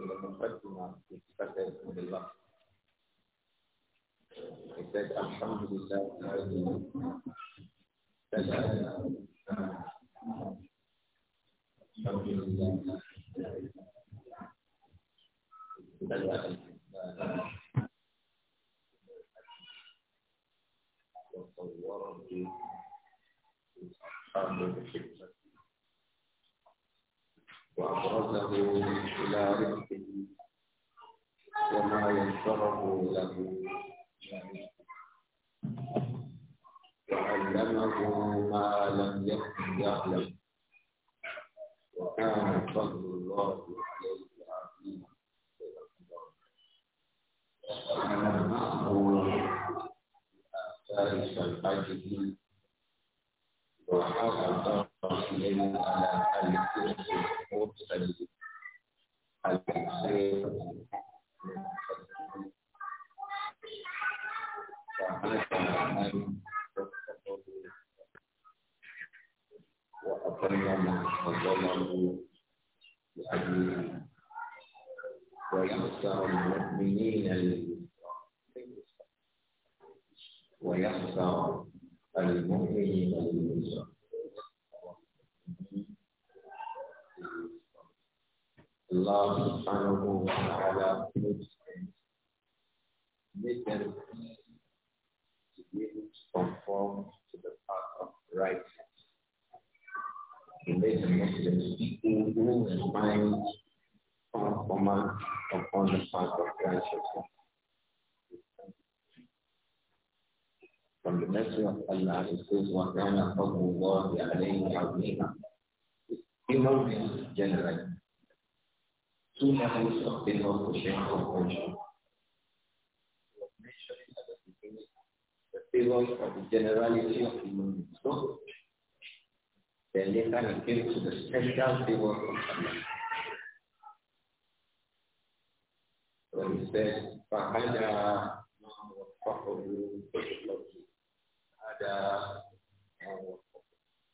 المقدمة في كتاب بسم الله كتاب الحمد لله الذي تدعى الحمد لله تدعى وصوره سبحانه بحكمته وأبرزه إلى رفقه وما يشرع له وعلمه ما لم يكن يعلم وكان فضل الله عليه عظيما وعلمه آثار شفعته وحافظ إليه على الخير المرسل الخير وأقرنا ما فضله لأبينا ويخسر المؤمنين ويخسر المؤمنين للمسلمين Allah subhanahu wa ta'ala makes them make them to be able to conform to the path of righteousness. He makes Muslims people whose minds conform upon the path of righteousness. from the mercy of Allah, it says, وَكَانَ فَضْلُ اللَّهِ عَلَيْهِ عَظِيمًا Human beings generally, tous les ressorts de notre chair reprochent. Le généralité du monde c'est l'état de quelque de spécial de votre famille.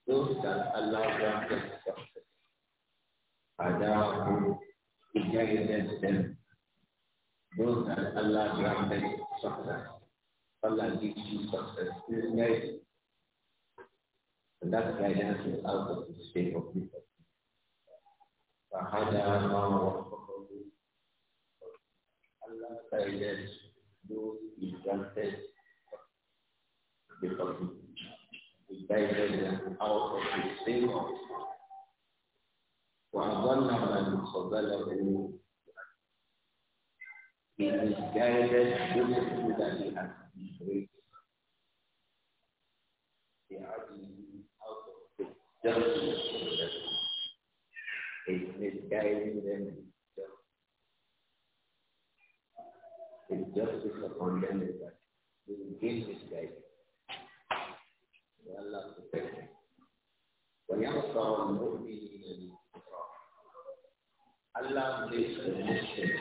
Those that allow them to success. to them. Those that Allah success. Allah gives you success. that guidance is out of the state of people. Allah those out of state وأظن من قبله من جاهد يسجد في ويعصى المؤمن Islam makes a Muslim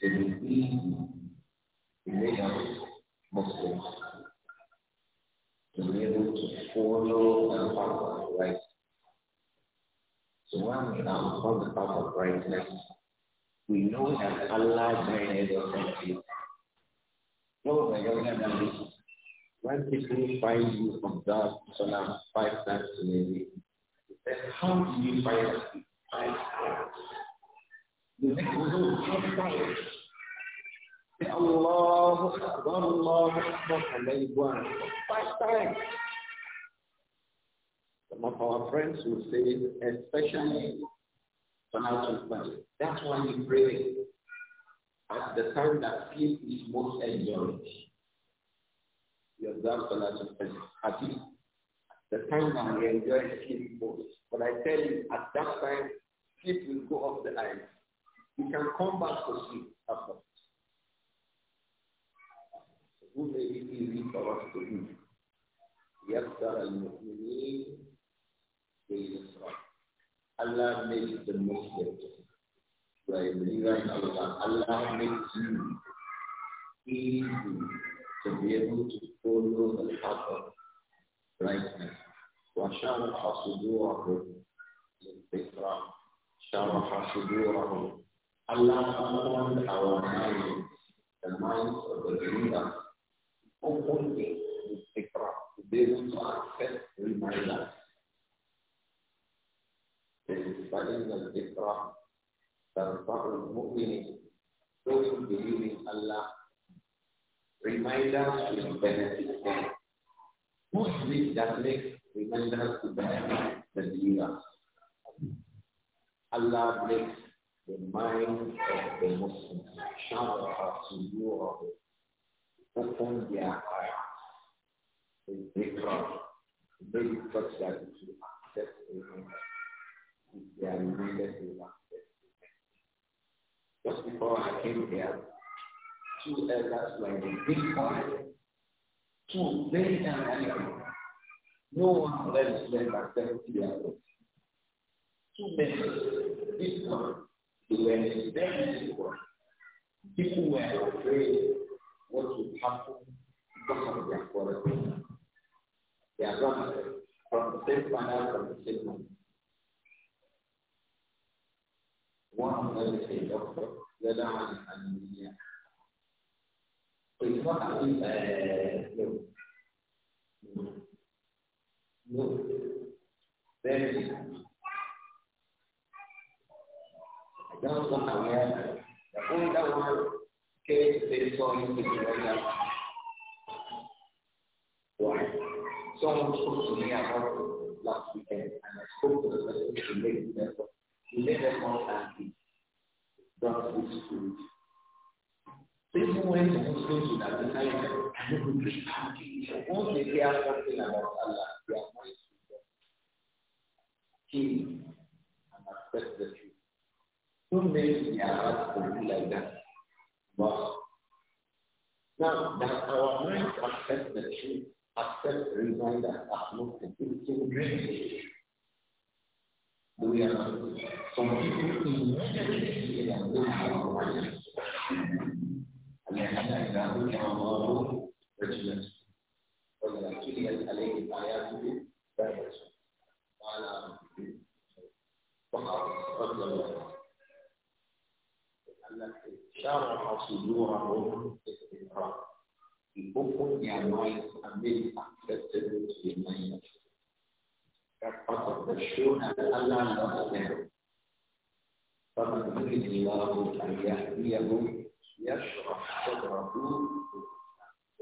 to redeem religious Muslims to be able to follow the path of right. So when we are on the path of rightness, we know that Allah guided us and it. No, my God, when people find you So now five times in a then how do you find five times? The Allah, Akbar, Allah, Akbar, Some of our friends will say, especially pronouncing Fajr. That's why we pray at the time that sleep is most enduring. You observe pronouncing Fajr. At the time that we enjoy sleep most. But I tell you, at that time, sleep will go off the eyes. We can come back to sleep after. Who made it easy for us to do? Allah made the most difficult. By are in Allah. Allah makes you easy to be able to follow the path of rightness. وشرح صدورهم للفكرة شرح صدورهم Allah opened our minds, the minds of the believers, opened it with the cross to be able to accept reminders. فإن الذكرى تنفع المؤمنين those who believe in Allah reminders will benefit them. Who is it that makes reminders to benefit the believer? Allah makes the mind of the Muslims. Shower to you of it. Open their eyes. It's because they touch that to will accept Amen. If they are reminded, they will accept Amen. Just before I came here, two elders were in the big fire. Two very young No one let them is less 70 years old. Two men, this one they were People were afraid what would happen because of their quarrel. They are not from the same father, from the same One of them is a doctor, the other one is an engineer. So it's not as if, uh, no. No. That one awareness. The older one came they saw him to be very happy. Someone spoke to me about it last weekend and I spoke to the person who He made us all happy. That's his food. People went to Muslims with that and they would be happy. Once they hear something about Allah, they are and accept the truth. So many years to be like that. But now that our mind accepts the truth, accepts the reason as Muslims, Do we are some people immediately say that they our And then like that, we are our regiment. But the actually is alayhi ayatu, شرع صدورهم استقرار يكون يا مايك أمين أكتب في مايك كفت الشون ألا نفسه فمن يريد الله أن يهديه يشرح صدره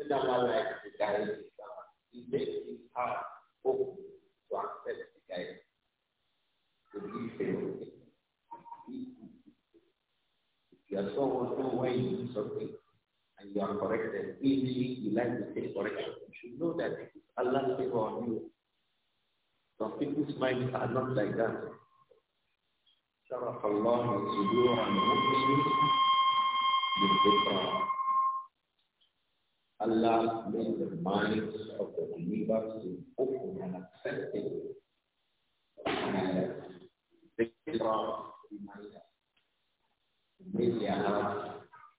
إن الله يكتب Thank you. You are someone who, when you do something and you are corrected, easily you like to take correction. You should know that it is Allah's favor on you. Some people's minds are not like that. شرح الله صدور المؤمن بالذكرى. Allah made the minds of the believers to open and and it. Dhikra, reminder. maybe around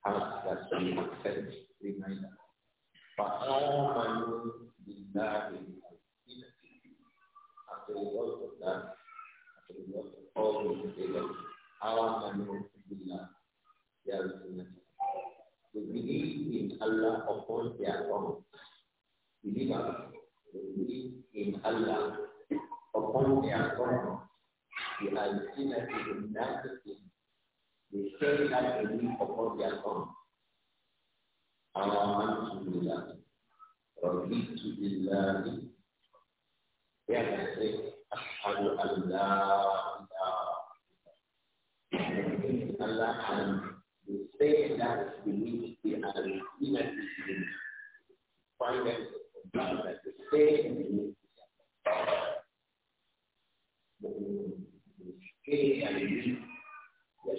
half that we accept reminder. But all my own desire is as a result of that, as a result of all the failures, our manual billah, their resilience. They believe in Allah upon their own. Believers, they believe in Allah upon their own. The ultimate is not in they say that they upon their own. Our man to be to be loved. They are say, Ashadu Allah, Allah, and they that they need to be an inner Find them that they say they need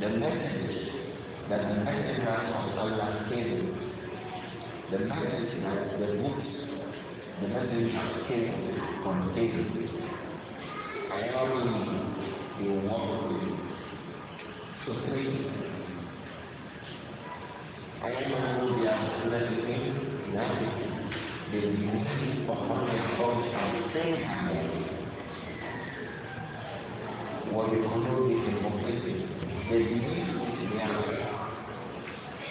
the message that the message of Allah came, the message that the books, the message came from David. I always you walk with you. So three, I know they are blessing that they move upon the cause of sin. وبقلوبهم مخلصين they believe in their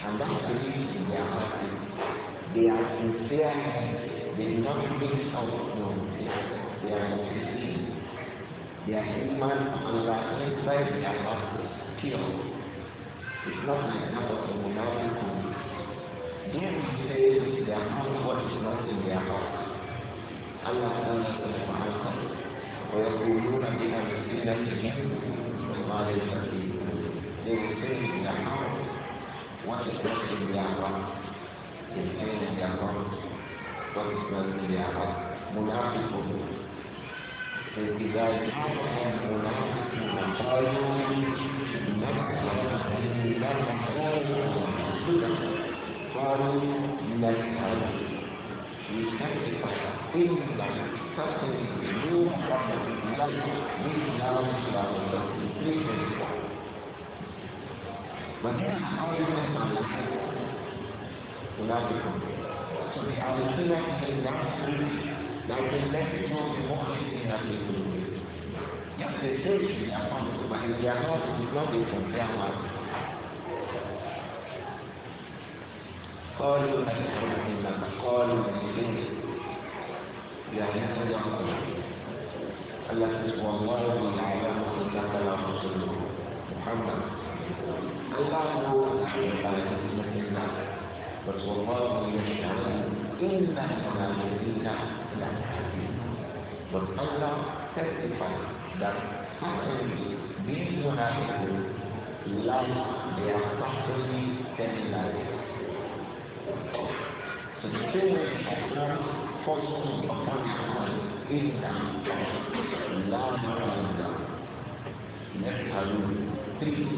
And that belief in their they are sincere. They do not think of no. They are They are human and they are inside their pure. It's not like that of the monarchical. Then he says are heart what is not in their heart. Allah tells us to find ويقولون بألسنتهم ما ليس في devolvendo o jargão, quantas espécies de água, defendem de água, quantas espécies de água, mudar de poder. Pesquisar de novo é mudar de poder. Para o mercado. E sempre para quem não está sendo de novo, para o mercado, e não está sendo de novo, para o mercado, e não está sendo de novo. وكان حوالي الناس على الحياة ولكن صبح على السنة الناس لكن لا تكون مؤمن في القلوب يقضي شيء في أفضل وحيانات النبي صلى الله عليه قالوا أشهر إنما قالوا مسلمين يعني صدقوا قالت والله العالم صدق الله محمد berlaku akhir pada ketika kita bersolat mengingat kena mengalir kita dan hati berkata testify dan hati di zona itu lalu dia pasti kenal sesuai dengan posisi orang lain tidak lalu anda Nek halu tinggi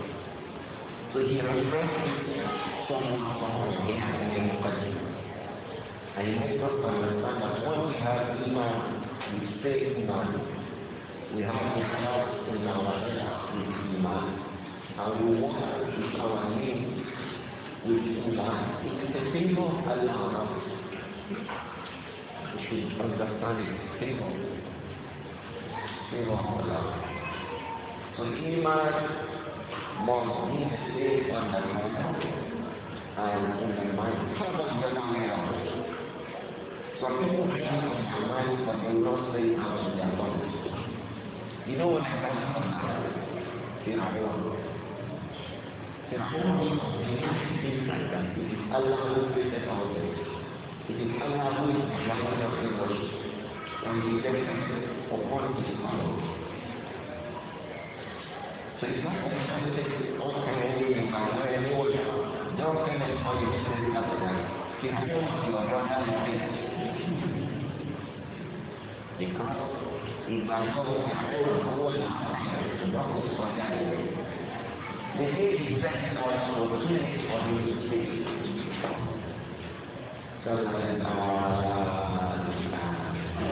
So he references someone someone again and again And he makes us understand that when we have iman, we stay iman. We have the help in our heart with iman. And we walk with our name with iman. It is a favor of Allah We should understand it. Favor. Favor of Allah. So iman we have stayed on the and um, in the mind. Some of Some people think their mind, but they will not say out their bodies. You know what happened to Fir'aun? Fir'aun is inside that. It is Allah who created all this. It is Allah who is the one of the worship. And he gets upon his So that our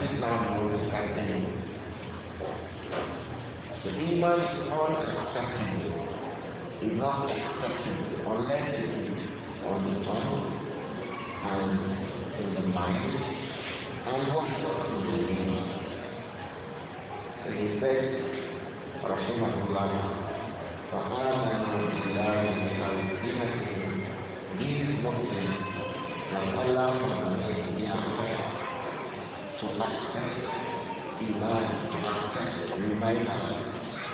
Islam will strengthen Jadi iman itu orang yang saksi itu. Iman itu saksi itu. Orang yang on the tongue and in the mind and what you to do in the mind. Rasulullah فقال أن الإله يسأل الدين دين المؤمن فقال الله أن يأمر تمكن إيمان تمكن من بينهم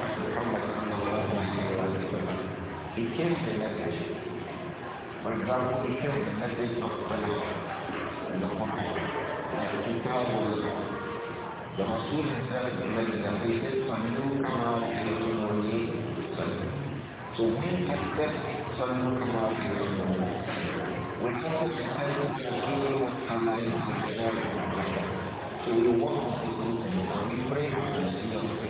محمد صلى الله عليه وسلم في كيف الأدعية والبعض في كيف الأدعية الطلب القرآن الكتاب الرسول صلى الله عليه وسلم كما يقولون صومين حتى صلوا كما يقولون والحدث الثالث التغيير والحماية والحجاب والحجاب So we walk with the Lord and we pray for the Lord.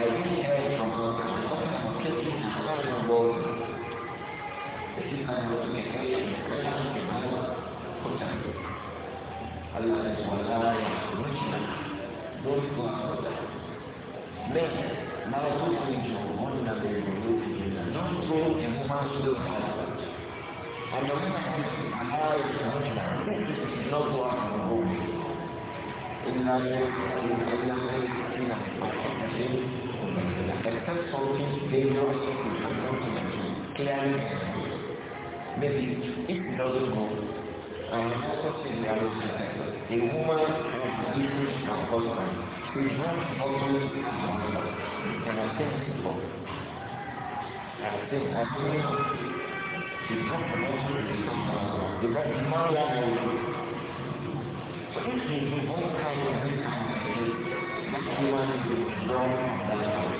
Thầy biết em phòng hợp là có một cái gì nào đó là buồn Thì thầy một ngày cái cái đó thì nó không chẳng được Allah đã gọi là Mujna Đôi qua hợp Nên Mà là tôi không hiểu Món là về một đôi thì là Nó vô thì không mang sự được hợp Allah Allah Nó qua hợp إن الله إلا إلا إلا إلا understand something dangerous and to be clearly maybe if it doesn't go and the focus the a woman who is her husband should not always be and I think people and I think I think the compromise is the right man so if you want to have a good that woman is wrong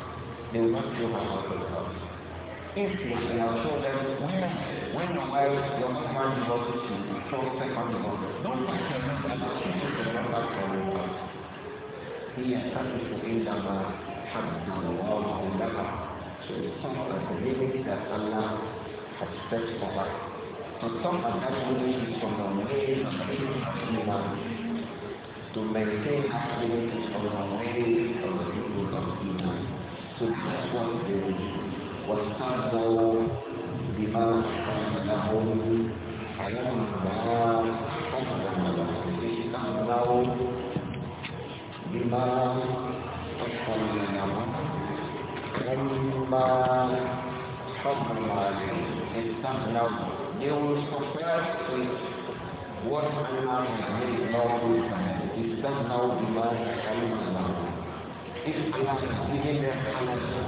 they will not If they have told them where, when your wife your husband divorces you, from second divorce, don't fight your husband the number from your wife. He has started to end up having a world of the house. So it's some of the living that Allah has set for us. So some of that living is from the ways of the human to maintain that living from the ways of the human. سبحان واستهزوا بما لهم فلما قدم لهم استهزوا بما قدم لهم فلما قدم عليهم استهزوا They will surpass what Allah has made lawful for This is Islam giving them energy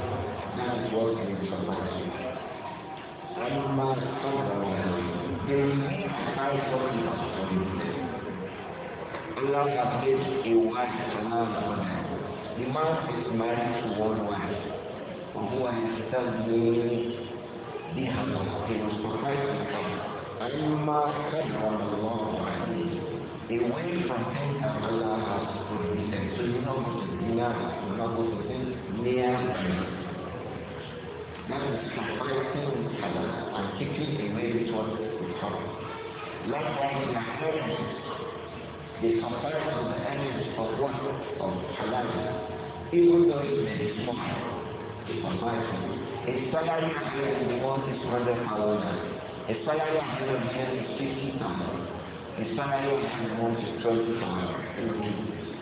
and working from life. ولما صبروا they tried working for them. Allah has placed wife The man is married to one wife. وهو يستغني بها في مصطفى فلما كبر الله عليه They went from Allah has prohibited. So you know Allah subhanahu wa near me. That is compressing with halal and taking away with what is haram. Likewise, the haram, the comparison of the enemies of what of color, even though it may be small, the comparison. A salary here in the world is 100 thousand. A salary here in the world is 50 thousand. A salary here in the world is 20 thousand.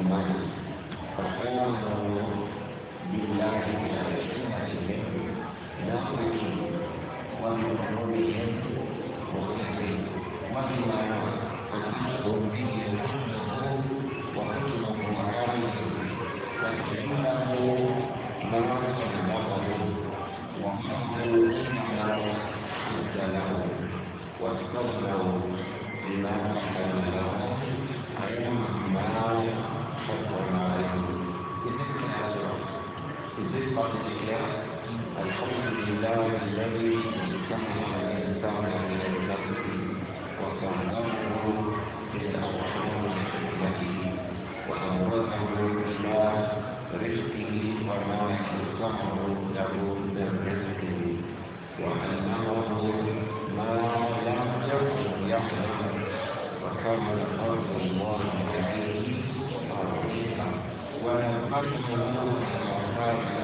iman Pertama Bila kita Masih hidup Dan aku Wali Wali Wali Wali Wali Wali Wali Wali Wali Wali Wali Wali Wali Wali Wali Wali Wali Wali الله الذي يسمى الإنسان من النفس وصنعه من أرحام حكمته وأورثه إلى رزقه وما يصنعه له من رزقه وعلمه ما لم يكن يعلم وكان فضل الله عليه عظيما ولم أكن على هذا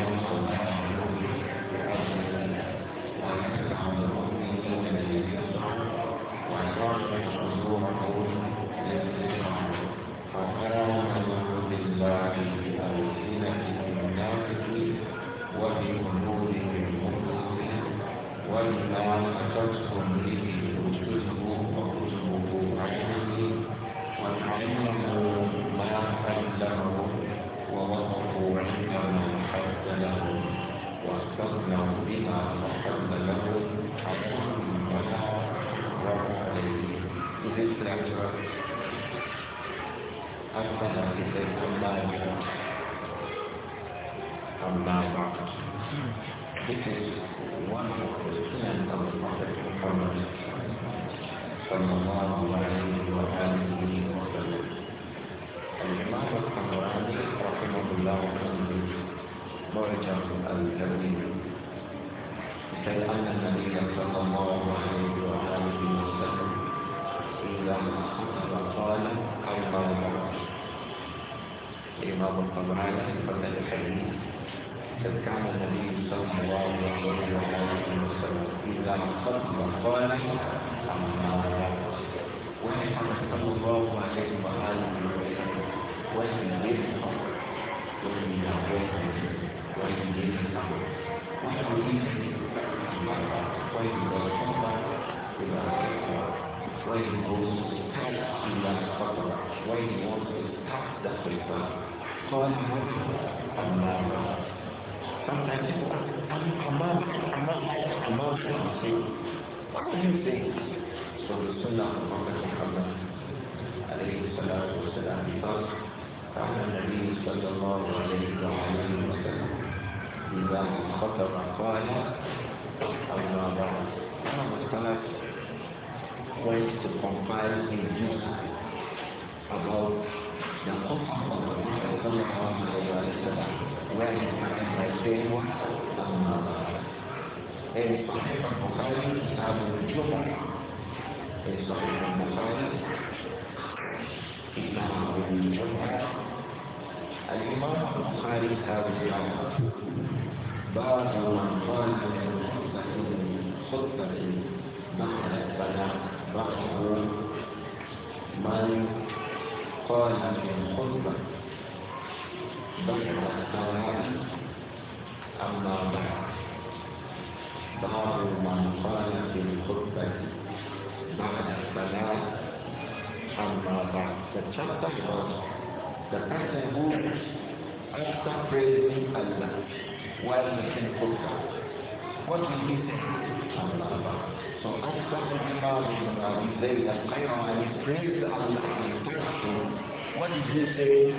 What did he say?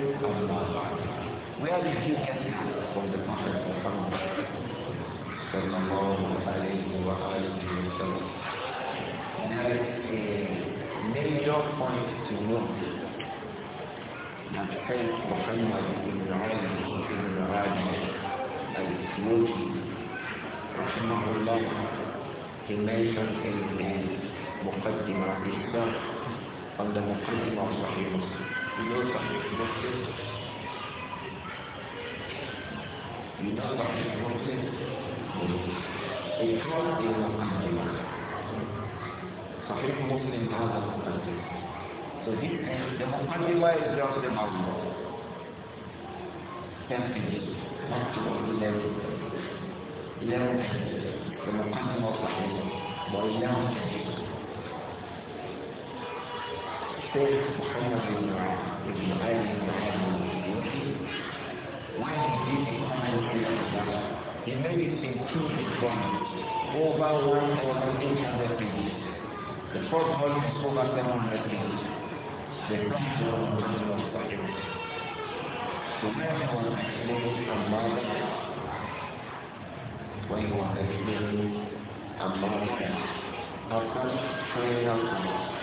Where did he get it from the Prophet Muhammad? Sallallahu alayhi a major point to note that Sayyid Muhammad in the ibn Raji al-Smoothi rahimahullah he mentioned in the Muqaddimah itself Anda mungkin imam sahih muslim Bila sahih muslim Bila sahih muslim Ikhwan ilmu ahliman Sahih muslim ada mukaddim Jadi dia mukaddim baik dia sudah mazmur Kan ini Maksud Allah Ilmu ahliman Dia mukaddim wa sahih Boleh yang ahliman says Muhammad ibn Ali when he did the commentary on he made it in two volumes, over 1,800 years, The first one is over 700 years, The second volume is over 500 So when he was explaining Amalek, when he was explaining Amalek, how come praying out to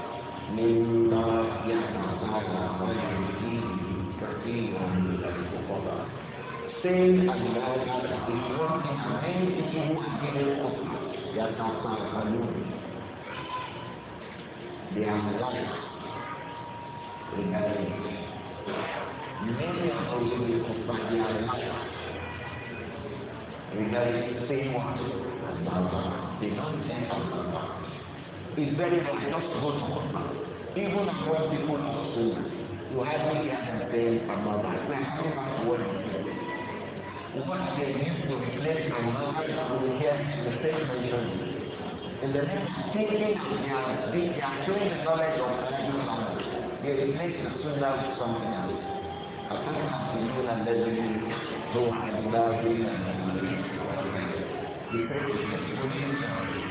مما يحدث على وجهه كثير من الخطباء saying Allah is one behind who is open يتطرقون بأموال رباية من يخرج بالقطة بأموال رباية سيوة الضربة بمن سيوة الضربة is very just good Even when people are old, you hardly hear them saying another. Now, how much work What they used to replace another, we hear the same mention. In the next thinking, they are, they are showing the knowledge of another language. They replace the sunnah with something else. أفتحسبون الذي هو عبد الله بن الذي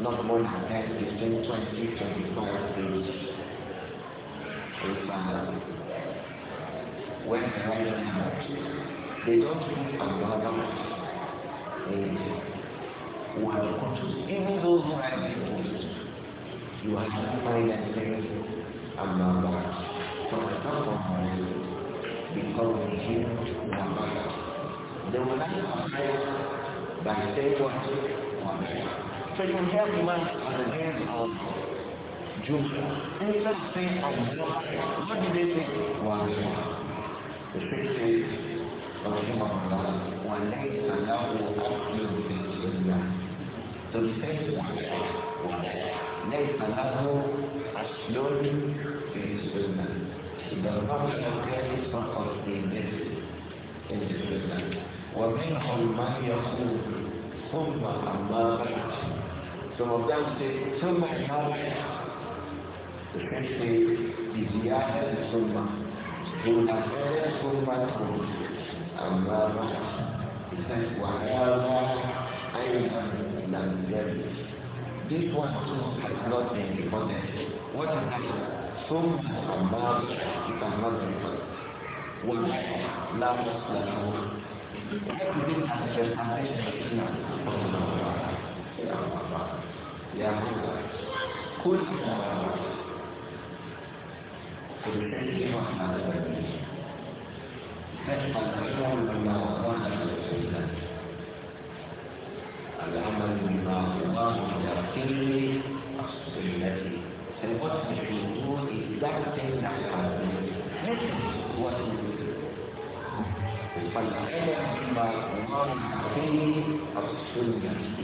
not more than 10, 20, 25 pages. If, uh, um, when writing out, they don't put another Even those who write books, you have to find the top of For example, because we hear one They will not compare by saying what one another. So you have man the then of Judah. And say of warfare. What did they say? Warfare. The scripture says, Rahimahullah, وَلَيْسَ لَهُ أَصْلٌ فِي الْجِنَّةِ So he says, warfare. Warfare. لَيْسَ لَهُ أَصْلٌ فِي الْجِنَّةِ He does not have any sort of dignity in the Sunnah. وَمِنْهُمْ مَنْ يَقُولُ ثُمَّ أَمَّا بَعْدُ somorgan se summa se viziata di summa una vera summa amara isan wahara ayman namjari This one too has not been reported. What is that? Some amount it has not been recorded. One last level. What is it as the foundation of Islam? يعقوب كلنا في الحلم محمد نشهد الشعر بما وضعنا لله العمل بما وضعنا لكل التي سيوضح في وجود دعوة نحو هذا هو فالعلم بما وضعنا لكل السنة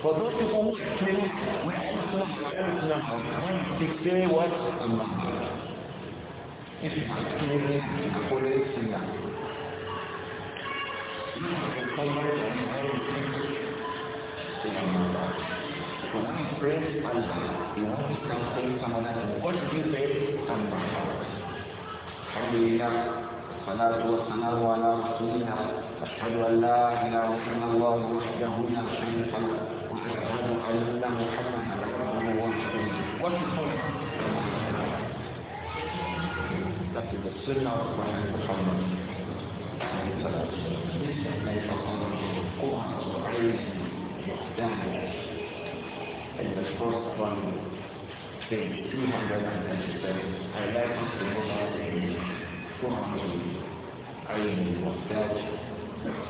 For those people who are claiming, well, Islam, Islam, they say what? Allah. are claiming following Sunnah, you come out and So when you you want to come say What do you say? Allah. والسلام على رسول أشهد أن لا إله إلا الله وحده لا شريك له السنة وصحيح محمد عليه الصلاة والسلام ليس الأمر بالوقوع الرئيس وحده المشهور أصلا بمثلها بين الناس الأجسام تصدمون هذه تهم عين الوحدات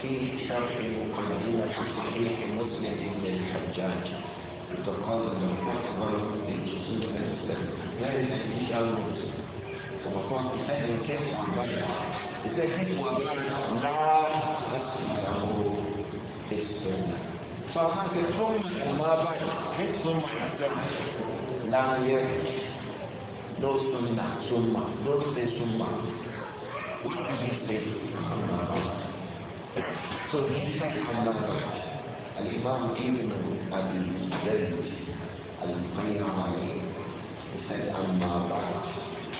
في شرح مقدمة صحيح مسلم للحجاج تقال له أكبر من جسد الإسلام لا يستطيع أن ومكون كفاية الكافي عن ضيع التكليف هو لا تسمع السنة فهناك ثم وما بعد ثم لا يرد دور سنة ثم دور ثم So he said الإمام ابن أبي زيد المقيم عليه he said أما بعد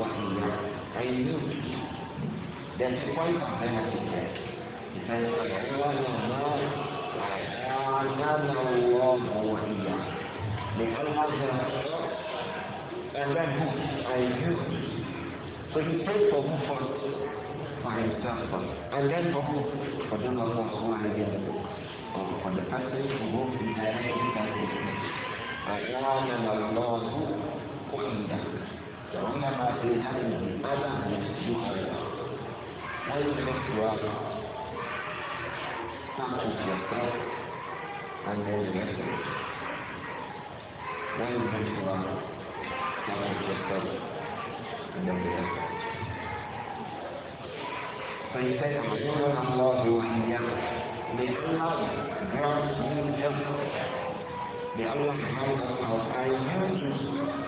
wahyu I knew that's why I'm gonna be So he prayed for who first? For himself first. And then for who? For the of Allah and the other. For the person who won't and Allah who won't Tunaona basi hali ya baba anasimama hapa. Hayo ni mambo ya Santo Kristo. Angalia ni nani. Wewe ni mtu wa Santo Kristo. Ndio ya. Sasa ni kama ndio na Allah duniani. Ni Allah, Allah duniani. Ni Allah kama Allah ayeye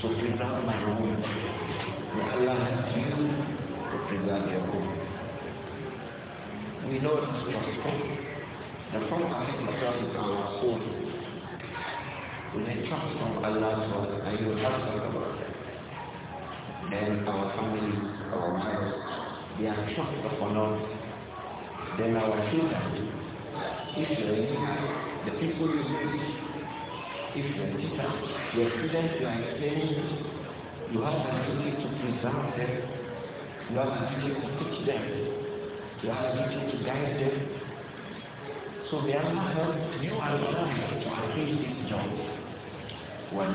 to preserve my own. May Allah help you to preserve your own. We know it's possible. The form of trust is our own. We may trust from Allah to us and you trust from Allah. Then our families, our wives, they are trust upon us. Then our children, Israel, the people you meet, if you are a teacher, your students you are explaining, you have an duty to preserve them, you have an duty to teach them, you have an duty to guide them. So they are not helped you are trying to achieve this job. When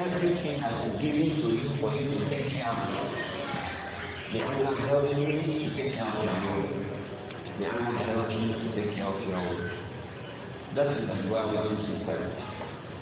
everything has been given to you for you to take care of they are not helping you to take care of your own. They are not helping you to take care of your own. That is why we are losing parents.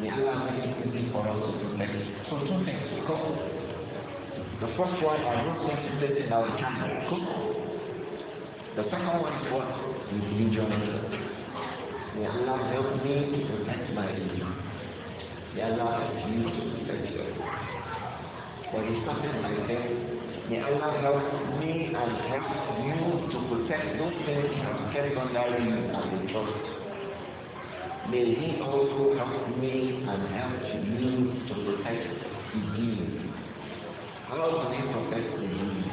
May Allah make it for us protect. So two things. The first one, I don't think contemplate in our time. The second one is what? Religion. May Allah help me to protect my religion. May Allah help you to protect yours. For this something like that, may Allah help me and help you to protect those things that carry on their and the trust. May He also help me and help you to protect the deen. How can we protect the deen?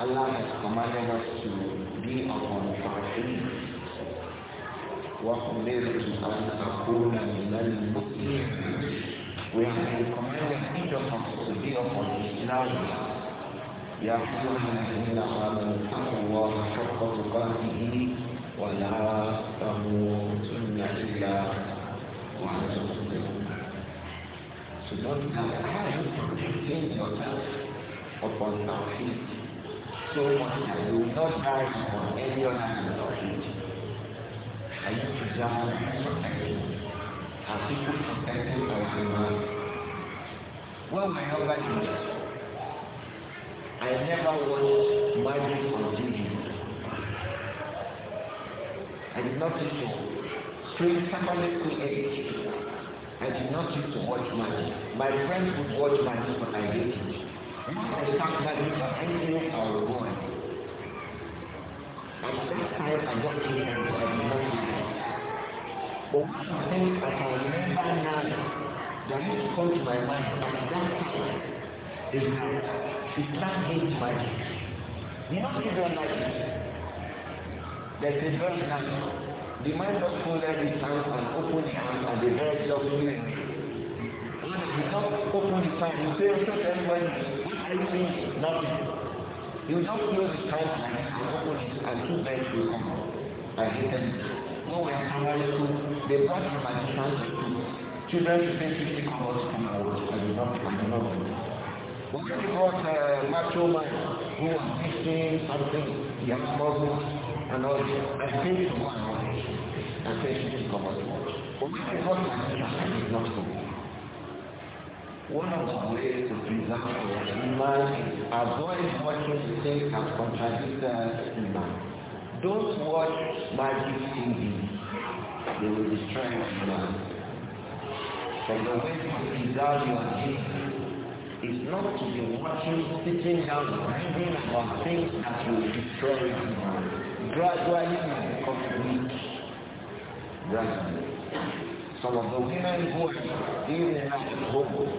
Allah has commanded us to be upon our وأمرت أن أكون من المسلمين ويحكمنا حجكم صديقكم الإسلام يا أيها الذين آمنوا اتقوا الله حق ولا تموتن إلا وأنتم مسلمون So don't have contain yourself upon our feet so much that you will not die on any other hand of it. Are you preserved protected? Are people protected by the man? Well, my husband is. I never watched magic on TV. I did not used to pray secondary school education. I did not use to watch money. My friends would watch money, but I didn't. I can't manage or anything I was going. At that time, I got to know I did not But one of the things that I remember now that has come to my mind at that time is that Islam hates money. You know, people don't like it. There's very hand. The man his hands and open his hands at the bird just flew away. When he just opened his hands, he said, look everybody, what I you doing? Nothing. He will close his hands like this and open his and two birds will come out. I hated it. When we are primary school, they brought the to school. Children should pay 50 dollars to come out. not, do not do that. When they brought uh, Macho Man, who was something, young Muslims, and all this. I think to one and say it is covered. is not covered? One of the ways to preserve our iman is avoid watching things that contradict the iman. Don't watch magic TV. They will destroy your iman. So the way to preserve your iman is not to be watching, sitting down, reading about things that will destroy your iman. gradually complete. Gradually. Some of the women who are in and out of home,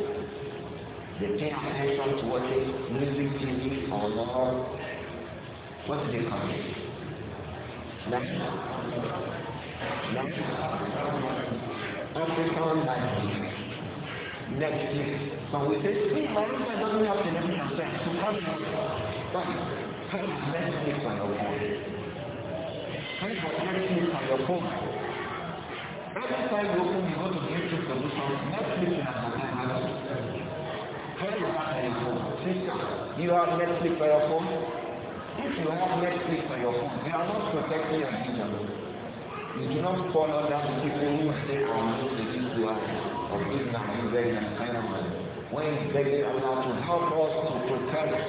they pay attention to what they music, TV, or law. What do they call it? African language. Negative. But we say, hey, my Marisa doesn't have to never have sex. So come on. That's kind of messed up Read what Netflix on your phone. Every time you open, you go to YouTube solutions, Netflix in Advertise Magazine. Very bad on your phone. Sister, you have Netflix on your phone? If you have Netflix on your phone, you are not protecting your digital. You do not fall under the people who say, I will do the things you are, or this now, you very kind when you beg Allah to help us to protect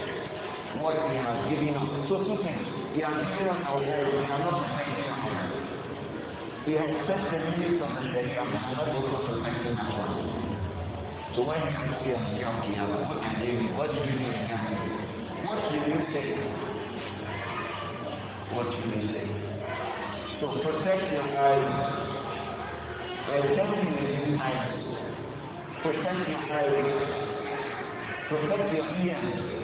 what He has given us. So two things. يعملون أو لا يعملون We are expected to do something that you have not done for the So when you come here on young people? what can they do? What do you do in Yom What do you say? What do you say? So protect your eyes. By telling you eyes, protect your eyes, protect your ears,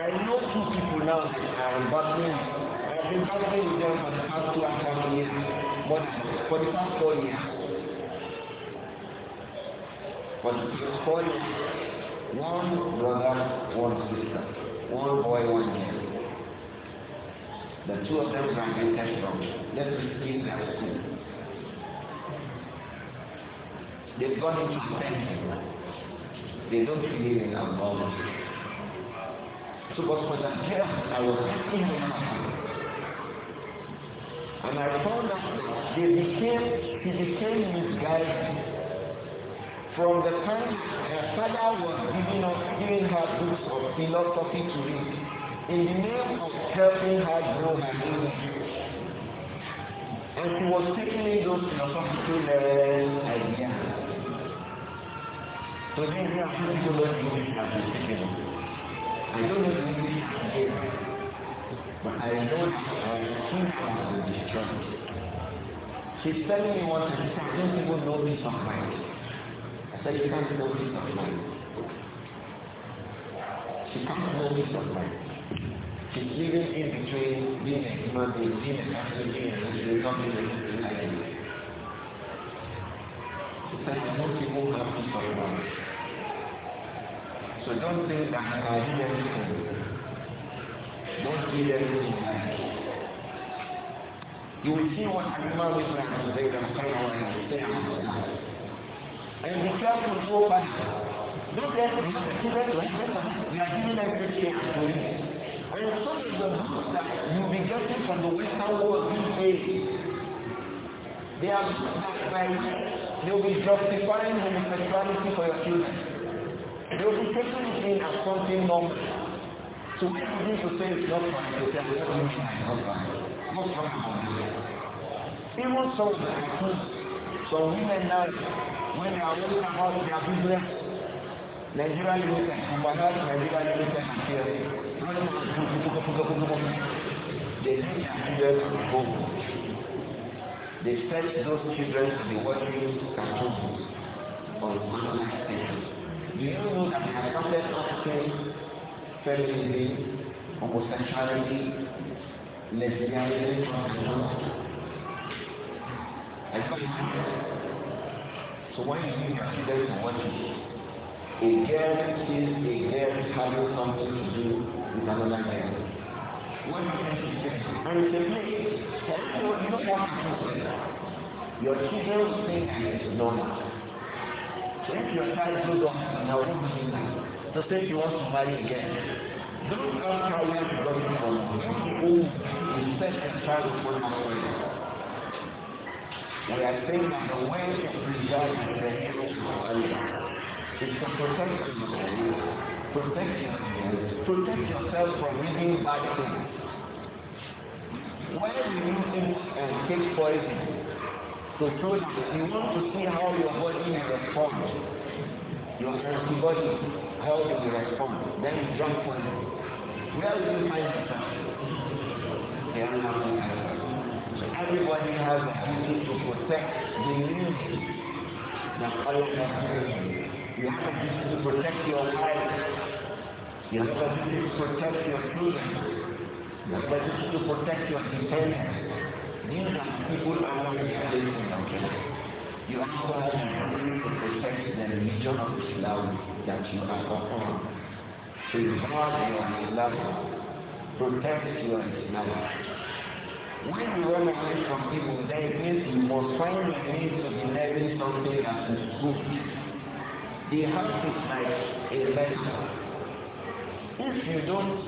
I know two people now that um, are battling. I have been battling with them for the past two and a half years, but for the past four years. For the past four years, one brother, one sister, one boy, one girl. The two of them graduated from let's begin high school. They've got into the They don't believe in Allah. So, but for that came, I was in And I found that they became, he became misguided. From the time her father was giving, up, giving her books of philosophy to read, in the name of helping her grow her English. And she was taking in those philosophical ideas. So these are philosophical ideas that I don't know anybody here, but I know I think I will destroy her. She's telling me what to do. I don't even know peace of mind. I said, you can't know peace of mind. She can't know peace of mind. She's living in between being a human being, being a person, being a Muslim, not being a Muslim like you. She said, I don't even have peace of mind. So don't think that I did anything. Don't give anything back. You will see what Imam Ibrahim Zayd al-Qarnawi said. And be careful so far. Don't let the students We are giving everything to you. And some of the books that you will be getting from the Western world these days, they are backbiting. They will be justifying homosexuality for your children. They will be taking it in as something normal. So we begin to say it's not fine. They say, well, not fine, not fine. Not fine about this. Even so, people, some women now, when they are worried about their business, Nigeria Limited, Kumbahat, Nigeria Limited, and here, they let their children go. They send those children to be working cartoons on online stations viewing and accepted uptake femininity, homosexuality, lesbianism, and so when you use accident to watch it, a girl sees a girl having something to do with another girl. When you and it's a place, you don't want to do that. Your children think it's normal. So if your child to up now, so say he wants to marry again, don't come ask how you got it from. Who is set a child for We are saying that the way to preserve the health of Allah is to protect you, protect yourself, protect yourself from reading bad things. When you use uh, and take poison, so truly, if you want to see how your body responds, your your body how it responds, respond, then drunk one. Where will you find it? They are not Everybody has a duty to protect the immunity that Allah has given you. You have a duty to protect your life. You have a duty to protect your children. You have a duty to protect your dependents. You have people around you facing Nigeria. You have to continue to the religion of Islam that you are upon. Preserve your Islam. Protect your Islam. When you run away from people, that means you must find a means of having something a good. They have to like a vessel. If you don't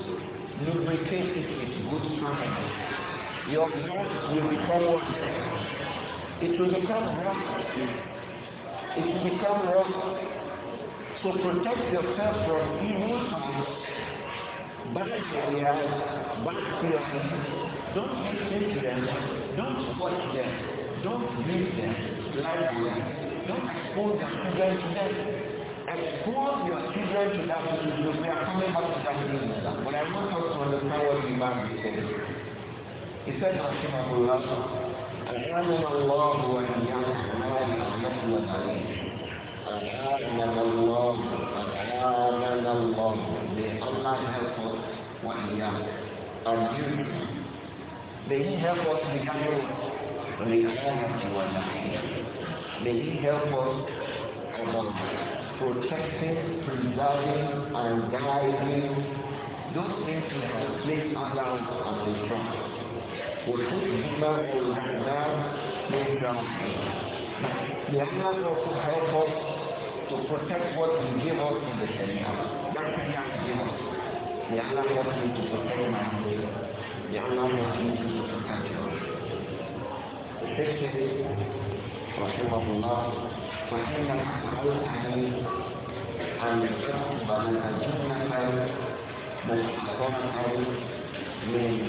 lubricate it with good family, your blood will become what? It will become rock. It will become rock. So protect yourself from evil Back to your eyes. Back to your eyes. Don't listen to them. Don't watch them. Don't read them. Lie them. Don't expose your children to them. Expose your children to that because they are coming back to that thing. But I want us to understand what the man is saying. He said, Rahimahullah, أعلم الله أن يعلم يعلم عليه أعلم الله أعلم الله May Allah help us وإياه our duty. May He help us become reality وَالْعَيْنَ May He help us about protecting, preserving, and guiding those things we have placed under our control. والحكمة والإعلام من God. You have to help us to protect what you give us in the Sharia. That Sharia you give us. Ya Allah wants me to protect my neighbor. Ya Allah wants me to protect yours. The Sheikh said, رحمه الله وإن الحقوق أن يكتب الجنة من حقوق من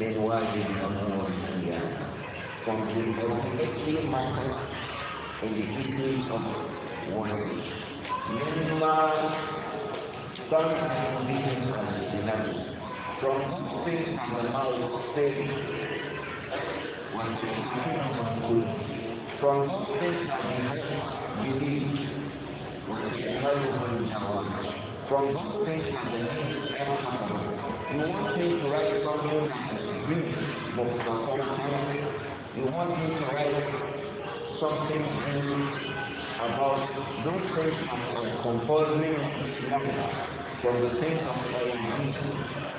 من واجب أمور الدنيا from the obligatory matters in the evening uh, of worry. Meanwhile, some conditions of the from something from the mouth from faith was the good. From something from the head From something from the head empire. You want me to write something read books you want me to write something about those things I'm composing from the things of our mind.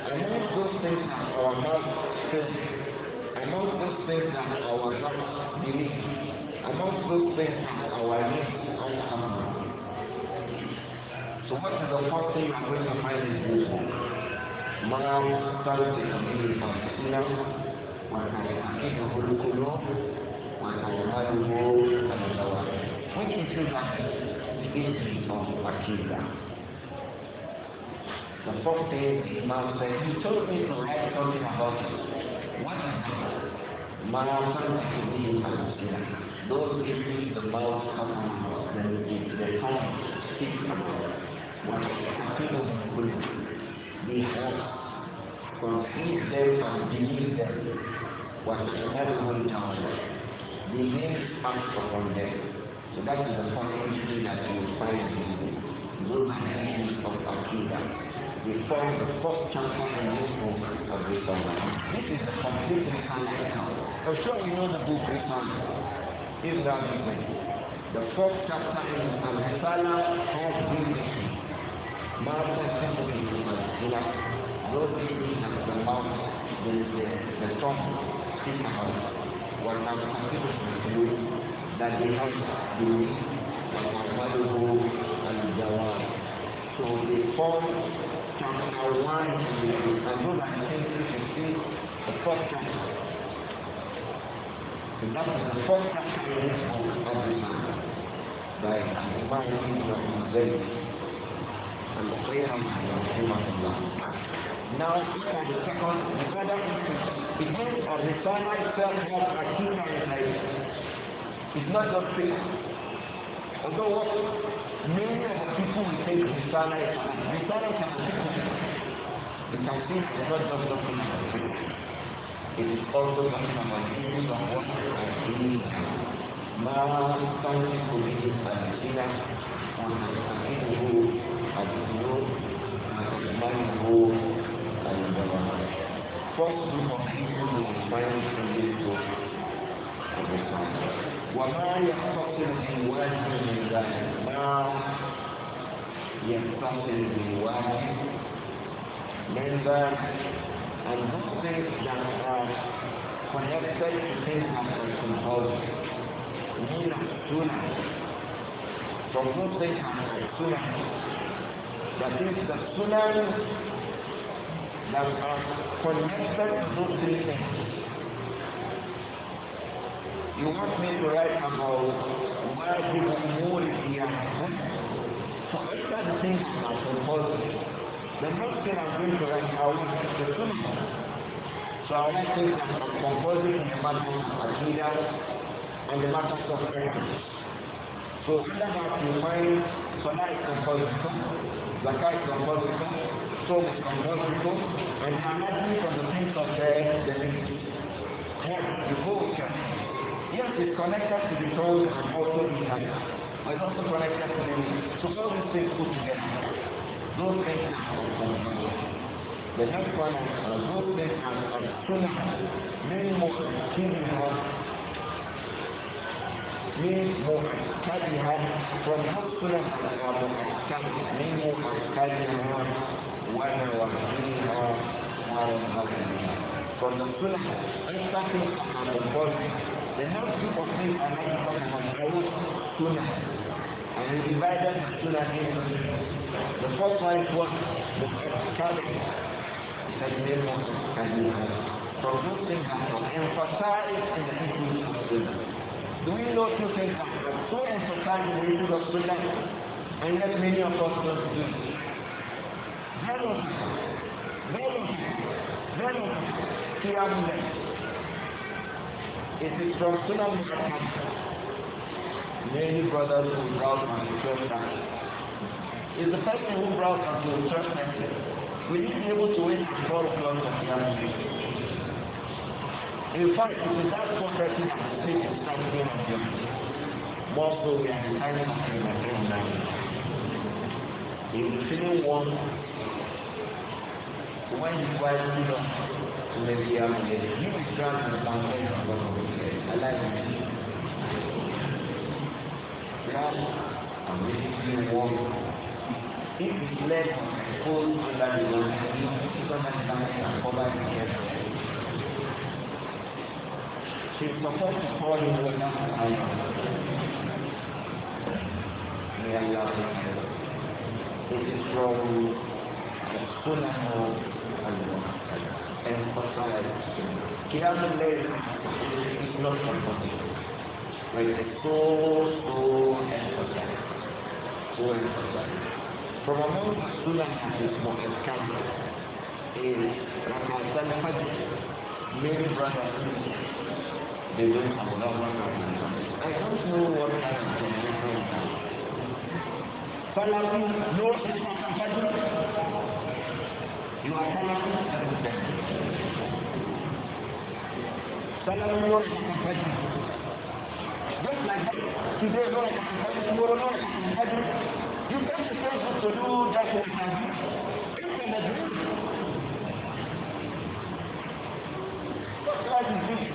I know those things that our mouth says. I know those things that our heart believes. I know those things that our needs and our So what is the first thing I'm going to find is this mengamalkan kehidupan senang mengenai akidah berkulub mengenai ilmu dan kawan ini sudah diisi oleh akidah The fourth day, Imam said, he told me to write something about it. What is it? Marathon Akhidim Palestine. Those giving the mouth of Allah, then the tongue speaks about what is happening We have conceived them and believed them وَتَحْنَبْهُمْ تَعْلَى We made act upon them. So that is the second thing that you find in the book of Aqidah. We form the first chapter in this book of the Torah. This is the complete written account. I'm sure you know the book written Israel The fourth chapter in the hasala has been mountain is like rotating and the mountain, the, the, the storm still comes. وَالْمَنْحَسِبُ that they have the wind, وَالْمَنْحَسِبُ الْجَوَارِ So they form chapter 1 and the and those are the things you can see the first chapter. So that is the first chapter of the Quran by Imam Ibn Zayd. and the prayer is the human Now, the second, the further is the head of the son itself has a key life. It's not just faith. Although what many of the people will take the son is the son is a sickness. The conceit not just something about faith. It is also something about believing on what I believe. ما تنطق به الألسنة والألسنة people and uh, forceful for people to find something to understand. وما يختصر بواحد من ذلك ما يختصر بواحد من ذلك and nothing that are connected to things as a compulsion. Meaning, sunnah. From nothing as a sunnah. That is the sunan that are connected to those things. You want me to write about people wajib here? So all that things are compulsory. The next thing I'm going to write about is the sunnah. So I write things that are compulsory the matter of aqidah and the matter of practice. So Islam has in mind Salah is compulsory, Zakah is Soul is compulsory, and imagine from the things of their divinity. Hence, devotion. Yes, it's connected to the soul and also the Islam. It's also connected to the So all these things put together. Those things are compulsory. The next one is those things are sunnah. Many Muslims, kingdom, من محتلها وانفسنا من محتلها ونوحيها ونوحيها فالنصلح اتفق على الفرد لنفس تصير أمامك مجهول سنة and we divided the sunnah The first wife was the caliph, said Mirmo and From whom things are emphasized in the Hebrew Do we know two things are so emphasized in the of Sunnah and yet many of us don't do it? Very often, very often, very often, It is from Sunnah Muhammad. Many brothers who brought and trust us. Is the person who brought and will trust We need to be able to wait for of the of Qiyamullah? In fact, it is that prophecy that takes the standing of the More so, we are retiring from the material In the feeling one, when you buy to the you will grant the foundation of God of Israel. I like it. Yes, I'm really one. If it's led, hold under the Lord, you can understand and cover the head she supposed to call you when not May Allah take care It is from the Sunnah of Allah. Emphasize Qiyam al-Layl not compulsory. But it is so, so emphasized. So emphasized. From among the Sunnah of this Muhammad is Rakat fajr many brothers and sisters. They don't know. I don't know what kind of generation is. Salafi, no You are Salafi and Salafi, no Just like that, today no tomorrow no You can't force us to do that what you can do. You can agree. What is this?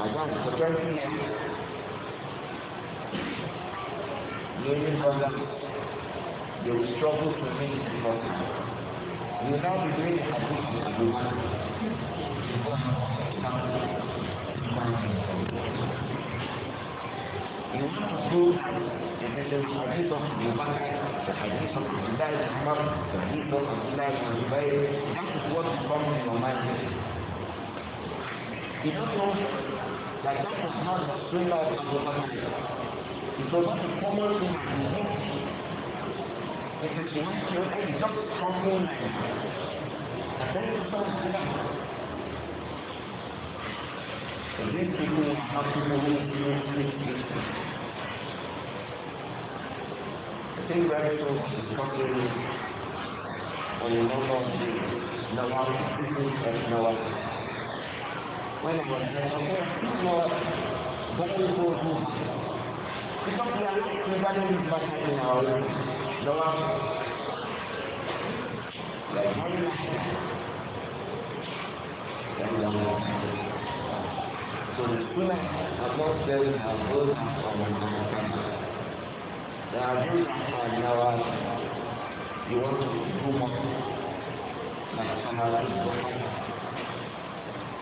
advance for twenty minutes using condom they will struggle to make it before time you now be doing the hadith with the woman you want to do the hadith of the woman the hadith of the July the Hamam the hadith of the July the July that is what comes in your mind you don't know that was not the sunnah of the ordinary. It was not a common thing to do. It is when you end up common life. And then it These people are people who do these things. I think very close to probably on the number of the Nawab people and Nawab people. wani bakin kotu kusan fulani ne ba da ba ta ina wani da wa So the students are not very above from another There are days and hours you want to do more. Like Samara is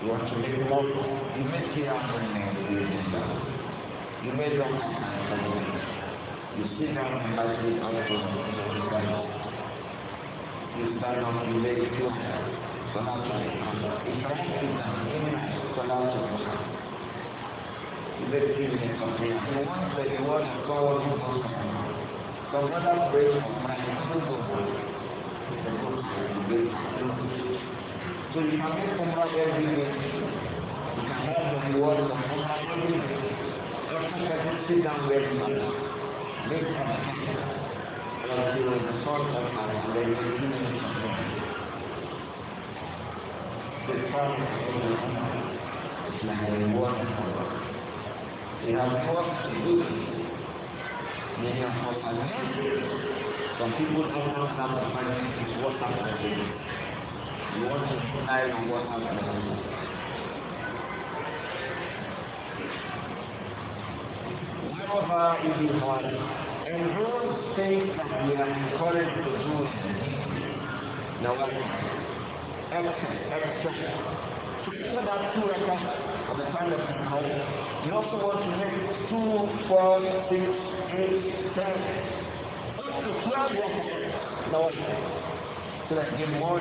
You want to live more? You make it happen and you You make it happen You sit down and light it You stand up. You stand up, you make it happen. Salat al-Qadr. It's not even Salat al-Qadr. You make it happen. You want to you want to call it happen. So what I'm praying for my people, the So di kamar kamar yang di di kamar dan luar dan kamar yang di kerana kerja sedang berjalan. Mereka kalau di luar besar dan kamar dan di sini besar dan luar dan luar itu Nah yang pertama, kami pun akan melakukan perbaikan di suatu tempat ini. what is halal and what is and those things that we are encouraged to do, now extra, extra. So that two records of the time of the house, you also want to make two, four, six, eight, ten, up to twelve records. Now, so that you more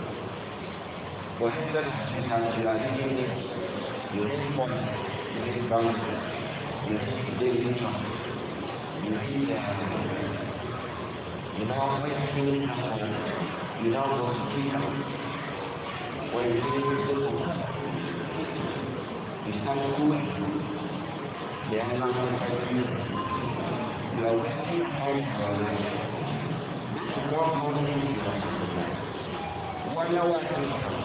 وحيدًا من حاجاته يغيب من البوز يغيب للنشر يغيب لهذا البوز ينعطي من النشر ينعطي الصفيه ويغيب الصفر يستمر وحده لأنه كبير لو كان حالها ولو كان حالها ولو كان حالها ولو كان حالها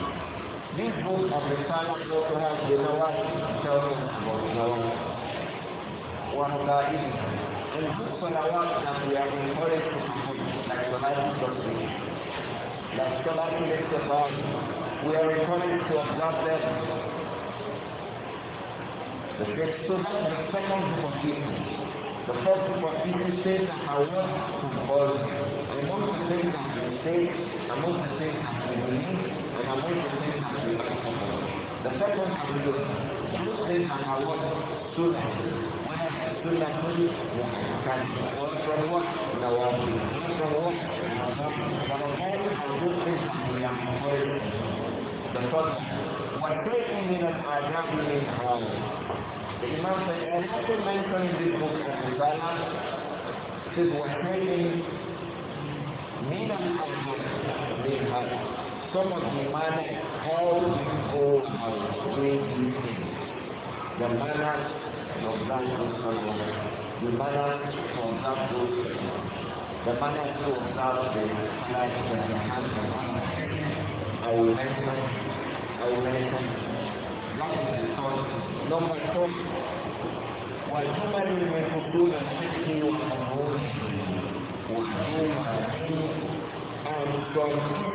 This book of the Psalms also have the to tell us about Nawawi. Wahda'im. And good salawat that we are encouraged to do, like salatul Qasri, like salatul Iqtafar, we are encouraged to observe them. The first and the second to continue, The first to continue, says that I want to follow. Among the things that they say, among the things that they believe, Hamud Muslim The second Hamud Muslim and Hamud Sunnah. One Sunnah things can one from what? Nawawi. One from what? Ramadan and Muslim The first وَالْتَيْءٍ مِنَ الْعَذَابِ مِنْ The Imam said, I have to mention in this book of Ribala, says, وَالْتَيْءٍ من الأرض من هذا some of the manners, how you go about doing these things. The manners of Rasul Sallallahu the manners to observe those people, the manners to observe the life and the hands of Allah. I will mention, I will mention, that is the thought. Number two, والجمل المفضول الحكي والمنهور وحكومة and from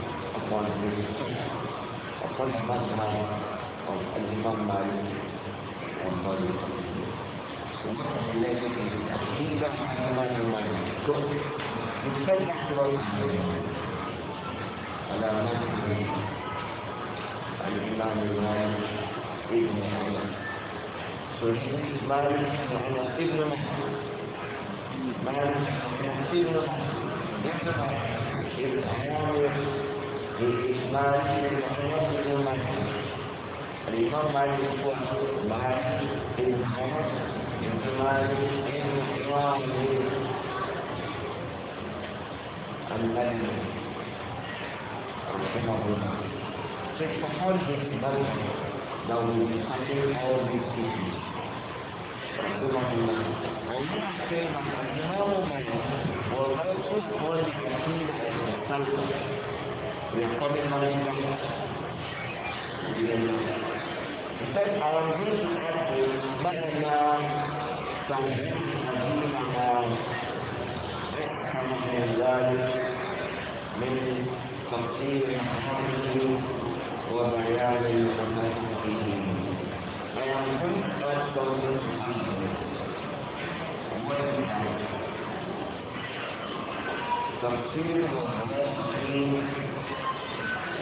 الصالحين وقال مظهر الإمام مالك والطريق ومثل الذي العقيدة من المنطق يتفلح على مذهب الإمام مالك ابن حنبل فالشيخ مالك هو ابن محمود مالك ابن محمود يحفظ الأعوام بإسماعيل محمد بن مهدي الإمام مالك هو مهدي بن محمد بن مالك بن إمام المدني رحمه الله في الصحابة بل لو بحديث أو بكتب رحمه الله ويحكي عن أنه من وغيره ولكثير من السلطة ويحتضن ملائكة الإنسان أولا يسعد مهما تنفيذ حزينها أحسن من ذلك من تفسير حقه وبيان مفاتيحه فيحسن أكثر تفسيره تفسير وبيان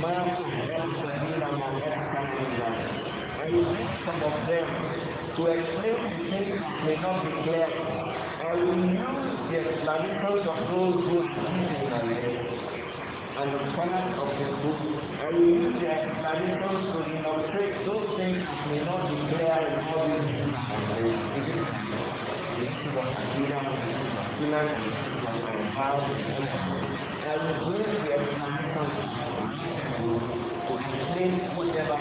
ما And you some of them to explain things that may not be clear. And we use the explanations of those who believe the Allah and the scholars of the book, and we use the explanations to illustrate those things that may not be clear in how we use and how we use the explanations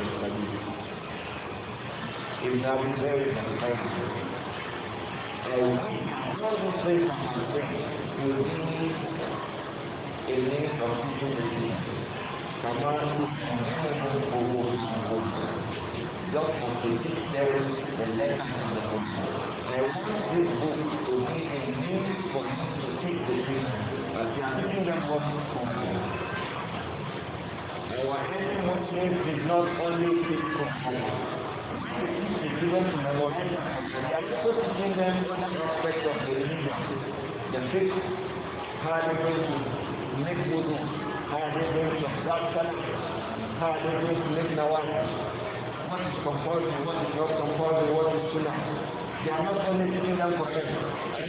الخبير ابن أبي زيد الخبير أو أبو زيد الخبير يديني إليه رسول الله كما يسمعه القبور يضحك بالدرس والليل عند الخبير I want this book to be a means for you to take the things, but you are doing them what Muslims did not only speak to Allah. They given to Allah. They are teaching them respect of religion. The faith, how to make wudu, how are they to how to make nawal, what is compulsory, what is not compulsory, what is sunnah. They are not only giving them for faith.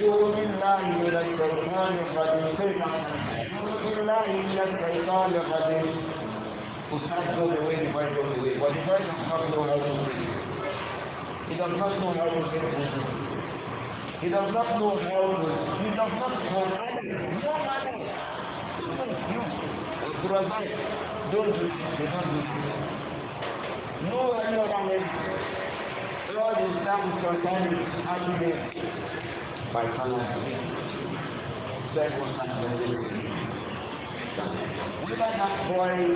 أعوذ بالله من الشيطان الرجيم بسم الله الشيطان الرجيم Ustaz goes go the wife goes away. But the wife does not know how to pray. He does not know how to get wisdom. He does not know how to, he does not know no money. You, don't do this, they don't do this. No any other medicine. Lord is down for time, happiness, by family. Circumstances, whether that boy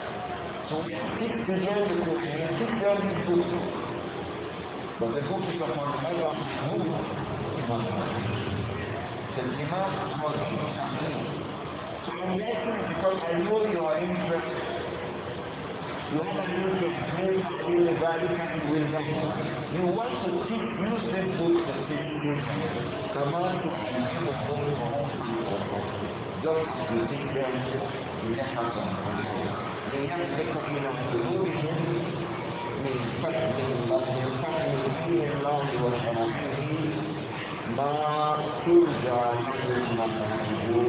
façon, qu'est-ce que j'aime de contenu, qu'est-ce que j'aime du contenu. Donc, il faut que je sois alors, vous, cette image was something. So in essence, because I know you are interested, you have an interest very highly valued with them. You want to teach, use them to teach you. Come on to teach you the whole of Just to teach them, you have to mình hay cái cuộc mình làm chủ vui chứ mình phật mình bật mình phát mình khi mình lo được và làm khi ba tư giờ mình làm chủ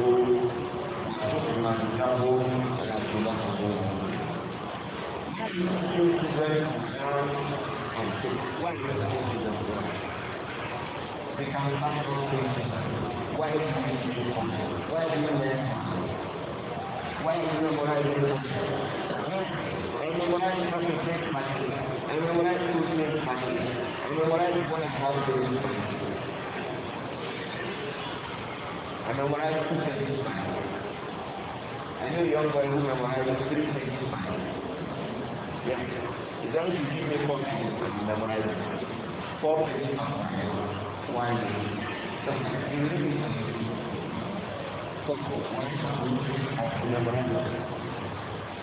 chúc mình ra vô là chủ làm chủ Hãy subscribe cho kênh Ghiền Mì Gõ Để không bỏ lỡ những video hấp dẫn they can find those things. Why do you do Why do you learn? Why do you memorize those things? memorize perfect matches. I memorize movement matches. I memorize one and a half days matches. I memorize two sentences I know young boy who memorizes three sentences matches. Yeah. As long as you give me four sentences, memorize it. Four One day. You to. Memorize it.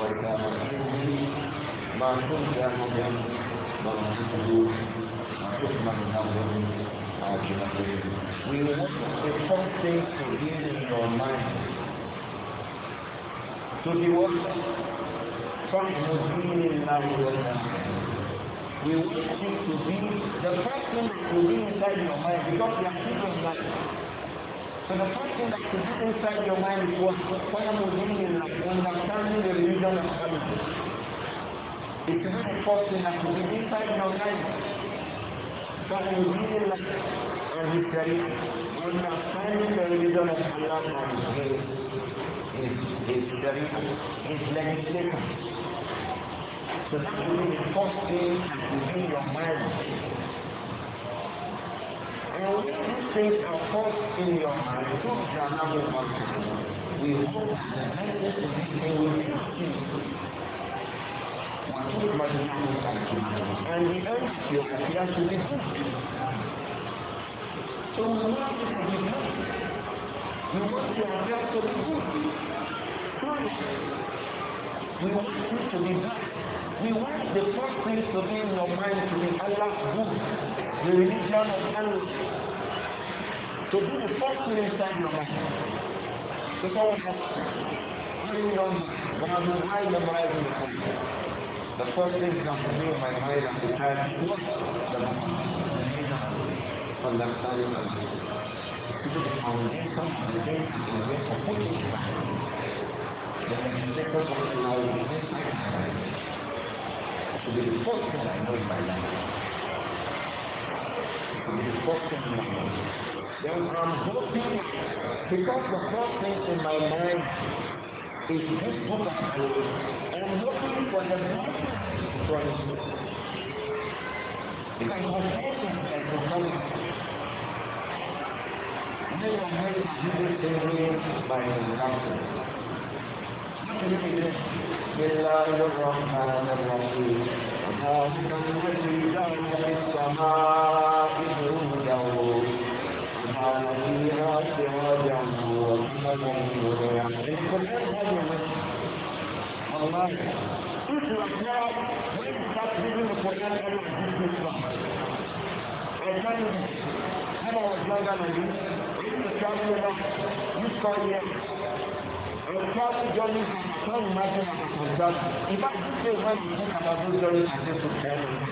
وتمحيه ما كنت أمرا مرحبه وحكما أمرا عاجلا We will have to something to hear in your mind. To Something to فهم in our mind. we wish you to be the first thing to be inside your mind because you are people in life. So the first thing that you be inside your mind is what Solomon meaning understanding the religion of Solomon. It the first thing that should be inside your mind. Solomon meaning and his understanding the religion of Allah and his, his, So that be the first thing that in your mind. And these things are in your mind. They are not in We hope that this is the thing and the end your career should be So we want you to be happy. We want your to be good. Christ. We want you to be good. We want the first thing to be in your mind to be Allah's good the religion of To do the first thing inside your mind. So someone has bring on high memorizing the Quran. The first thing comes to me in my mind the time was the foundation the way of putting it back. The of the law be the first thing I know in my life discussing now. Then I'm hoping, because the first thing in my mind is this book of I'm looking for the message from this book. Because the message is the Holy They are made to be by the Lord. بسم الله Allah üç vakta bir takdirini koyan en büyük var. Efendim hemen azlardan edin. İlk kâfirler yüz kâfirler. Efkâfı gönlü zaman. Imam Malik was doubtful. In fact, this day when we think about those very successful parents,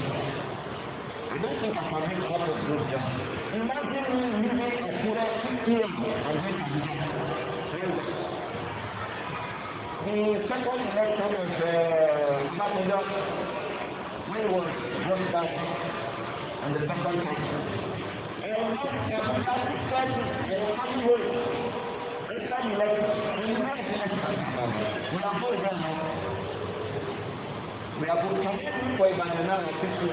I don't think I can make up of those jobs. a period six years and then I'm The second election of uh, Manager, when he was brought back on the second time, and after that, Mnapo Ibrahim. Mnapo to Ibrahim na sisi.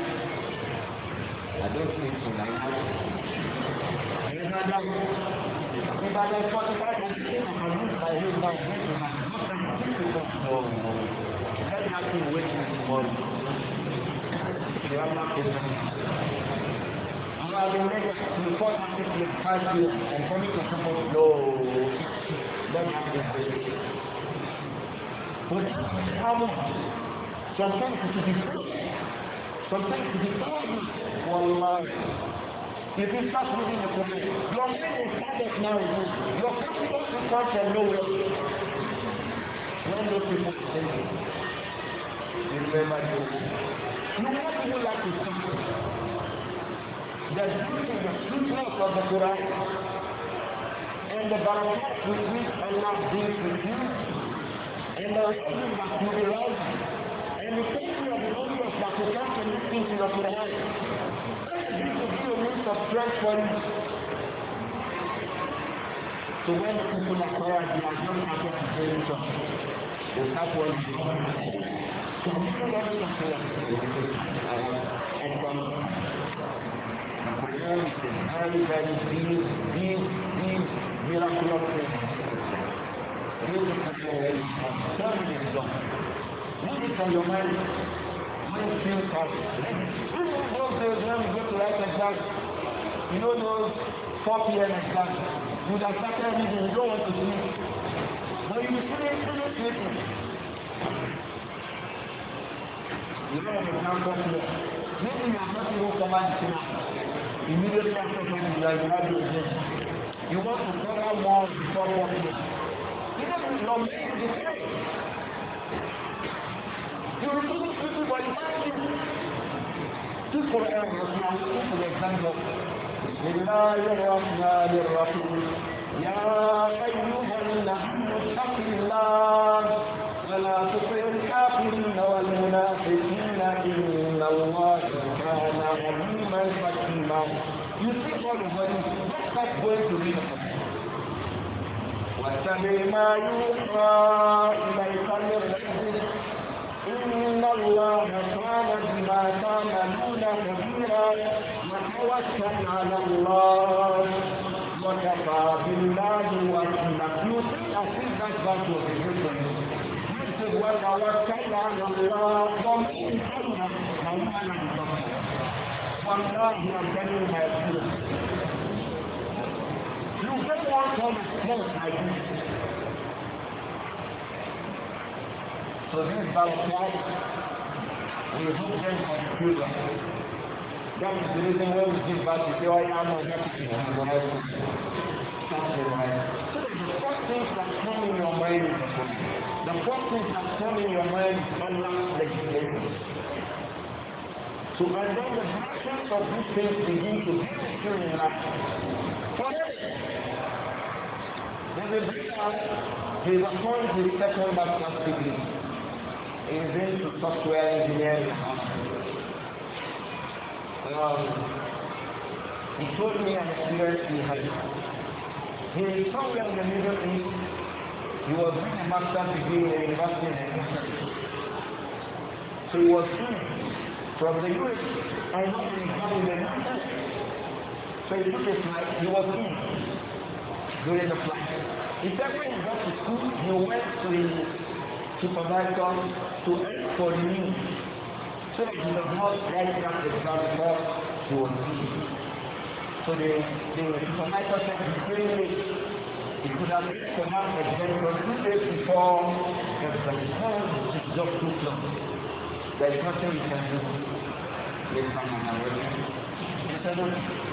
I don't think so like that. Ibadan forty five and six produced by him by Oh tomorrow. They not Àwọn àgbẹ̀ mẹ́ta ní fọ́ọ̀tì àti ìpínlẹ̀ Porque sabe, soltando que se soltando que se والله يبين فاصل بينك وبين your man is static now your confidence is not a low when those people say you remember this you want to like to see the truth is the truth of the Quran in the battle with which Allah with you, and the wisdom that you derive, and the safety of the unjust must you can't commit things in your life. This will be a means of strength for you. So when the people are tired, they are not happy to pay attention. They start worrying. So I'm sure that you can say that. And from Quran is a very, very miraculous things. Turn this down. Move it from your mind. Mind feels happy. Even those days when we go to write exams, you know those 4 p.m. exams, you would have started reading, you don't want to sleep. But you finish, finish sleeping. You know what I'm talking about? Maybe you have not even come out immediately after coming, you are not doing You want to cover one before one. You don't nominate the same. You refuse people by fighting. This for Quran was not for example. بسم الله الرحمن الرحيم يا أيها الذين اتقوا الله ولا تطع الكافرين والمنافقين إن الله كان عليما حكيما. You see all of what وتقبل منهم واتبع ما يوحى إليك من ربك إن الله كان بما تعملون خبيرا وتوكل على الله وكفى بالله وكيلا يطيع سنك وتحبه وتوكل على الله ومن كان حوالا بصيرا والله يجعل ما يكون You say one time is close, I do. So this is We hope them for the future. That is the reason why we give back the joy and the gratitude and the So the first things that come in your mind is the first things that come in your mind is Allah's legislation. So and the actions of these things begin to be in action. Forget it. They will bring out his account his second master's degree. He is into software engineering. Um, he told me an experience he had. He is somewhere in the Middle East. He was doing a master's degree in university in So he was coming from the US and not in the United so he took his mic, he was in during the flight. He said when he got to school, he went to his supervisor to ask for news so he was not right up the ground before he was So the, the supervisor said he's very late. He could have reached for now the general two days before the time is just too close. There is nothing we can do. Please come and have a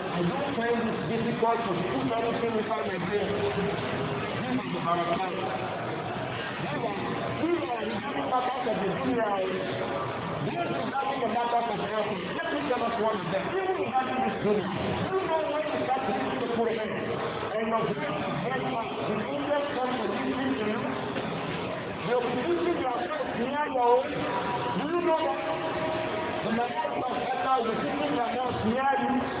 I don't find it difficult to put anything inside my brain. This is the Ramadan. We are regarding matters of the dunya. We are regarding the matters of heaven. Let me tell you know when the Quran and your brain the angels come The Malaika near you.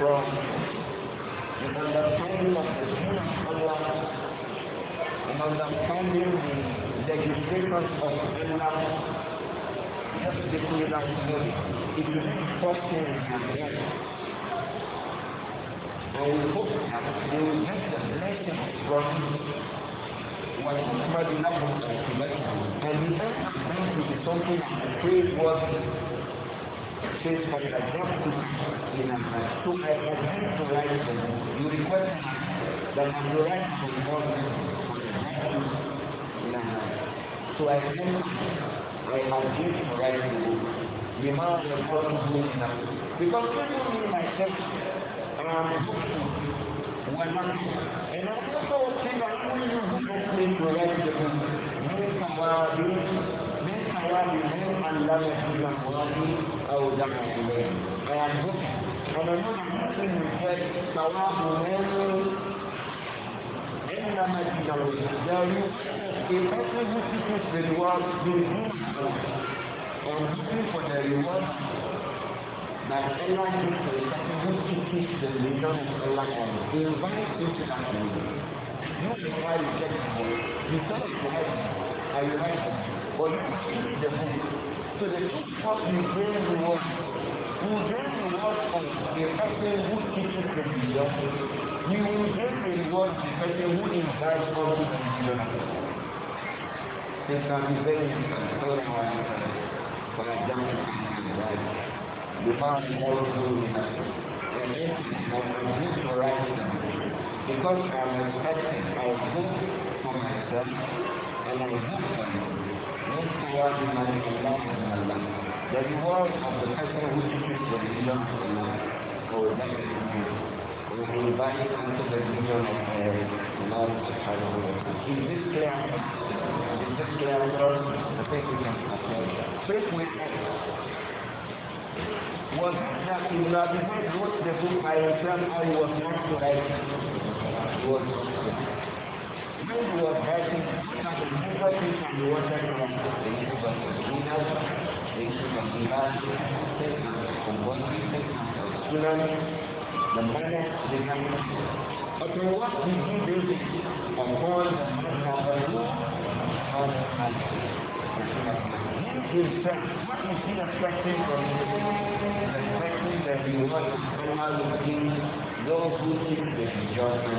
from understanding of the human of an understanding understanding the legislations of Allah just because that it will be possible and we hope that they will get the blessing from what is لَهُمْ أَكْمَلَهُمْ And the earth is going to be something praiseworthy says, to in a so I have to write for you. You request that I will write for you more than in a So I have I have to write to The amount of in a Because I me myself around I'm and I also think I'm going to write the them. منهم أن لا يحل مرادي أو دمع إليه فينبت فمنع منهم طواف منه إنما الدين والإسلام إقامة سكت بالوار بالدين ومسكت فدريوات But Allah gives the the of that you or the book. So the truth what you gain reward. You gain reward from the person who teaches the religion. You will gain the reward from the person who invites others to religion. They can be very important for example, right? The man also in a and this is not good for because I am expecting I will for myself and I will for you look toward the money and Allah. The the person who the religion of Allah or that religion Allah subhanahu wa ta'ala. this clear? Is clear I think we can afford that. Faith with was that in wrote the book I I was not to write. was find you are passing the from the Minas, the the the what Upon the Himself, what is he expecting from you? Expecting that he want to come out looking those who think they enjoy and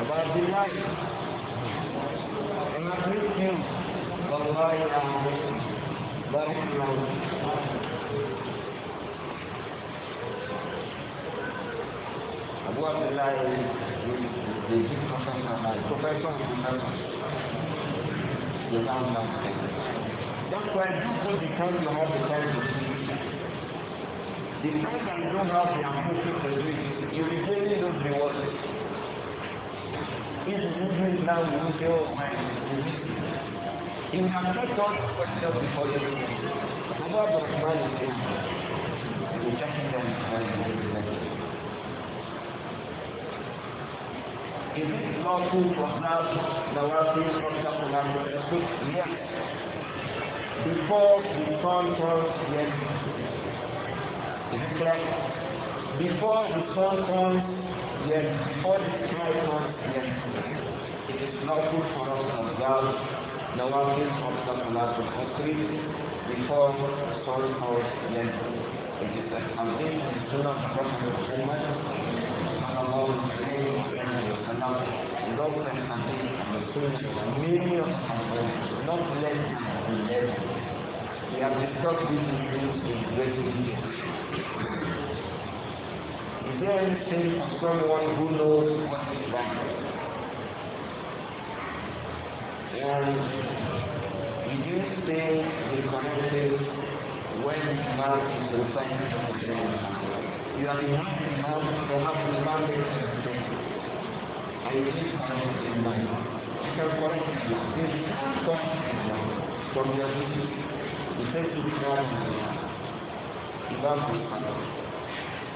أبا عبد الله أنا مسلم والله أنا مسلم بارك الله أبو عبد الله يجيب That's why you have the time to see. The time that you don't have the ambition to do it, you will really lose is moving now your mind. You have not thought yourself before you Abu Abdurrahman is in them Is it lawful for us, the world from Sakulam, yes. Before the sun comes, yes. Is it Before the sun comes, Yes, for the right yes. It is not good for us well. No one working of the Salatul Qasri before the sun falls yes. It is a campaign in the Sunnah of Prophet Muhammad sallallahu alayhi wa sallam. the campaign of the of the not less than 11. We have discussed these issues in great detail. Is there anything sin someone who knows what is wrong? And did you stay the when Imam is in the You are Imam, Imam, perhaps Imam makes a mistake. And you didn't correct can correct the Imam. You can't correct the from your duty. You said to Imam, Imam is correct.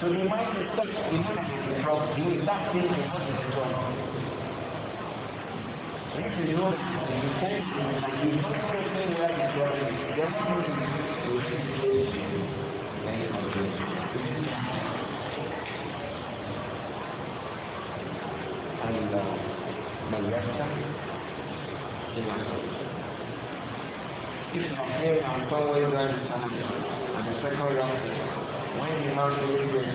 to remind the such immediately from doing that thing before to do? If you know the intention, you know not going, you don't the situation, then you do it. And uh, my lecture, in my If you are here, I'm going to second round when you have no children,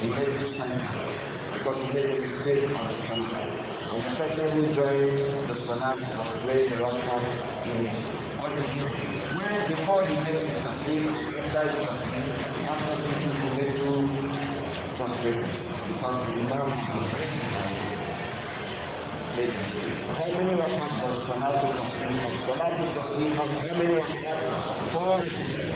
you make this time because you made a mistake on the counter. And secondly, during the tsunami, of praying the last time, what did you do? before you make the taslim, inside the taslim, after the taslim, you make two Because the imam has a How many rakats does salat of taslim have? of how many rakats? Four.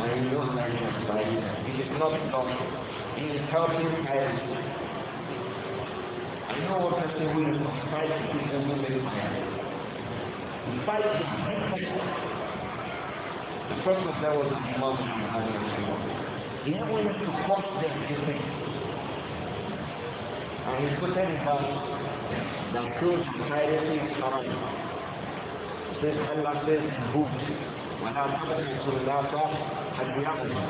and you don't like it by It is not He is helping parents. I know what person who is fighting is the woman parent. He The purpose that was his mom and his He never wanted to force them to And he put them back. The truth entirely is haram. Says Allah says, ولا تقنطوا اللات قد يغفر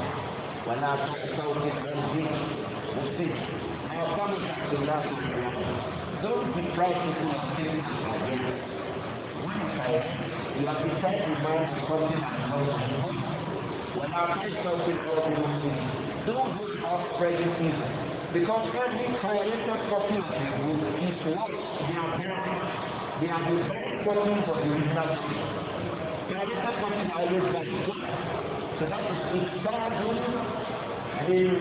ولا تؤتوا في المسجد مسجد ما تمنعوا اللات قد يغفر Don't be prideful of things again. One time, you have decided to buy and When I pay something for the Because every correlated copy the is what they are bearing. They are the best of the original Private company always buys So that is Ikradun is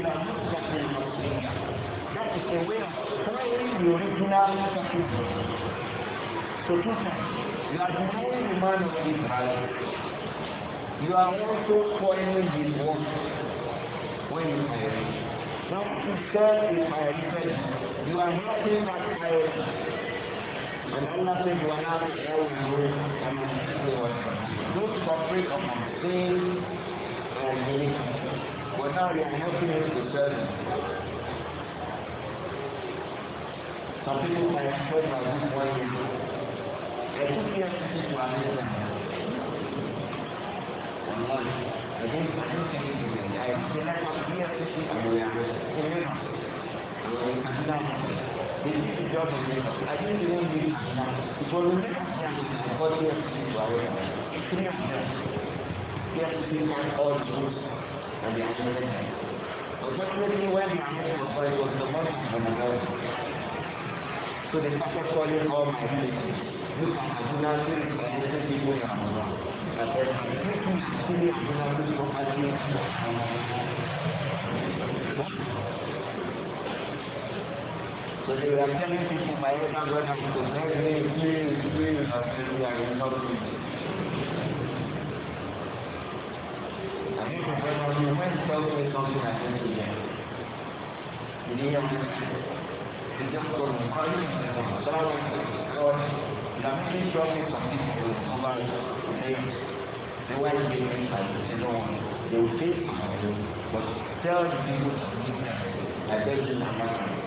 a way of spoiling the original Mustaqim. So two times, you are denying the man of Israel. You are also spoiling his work when you marry. Now, to serve in my defense, You are helping that child. And Allah said, you are not helping you those who operate upon and belief. But now you are helping us to Some people are employed about this one year. They took years to teach to understand. Online. I didn't find anything. I said I was here to see and we are This is the job of labor. I didn't even do it. It was a for the three and all Jews and the American Unfortunately, when the American Messiah was the most in so they started calling all my relatives. Look at Abdullah Siri and the people in Ramadan. I said, Siri Abdullah Siri from al so they telling people my elder brother to beg me, please, please, I said, I will not do this. And he said, well, you went tell me something I said to them. You didn't understand. He just told me, how you can come along with God? You are making profits of people who cover names. They want to be inside, they don't want to. They will take money, but tell the people to give them. I beg you, I'm not going to.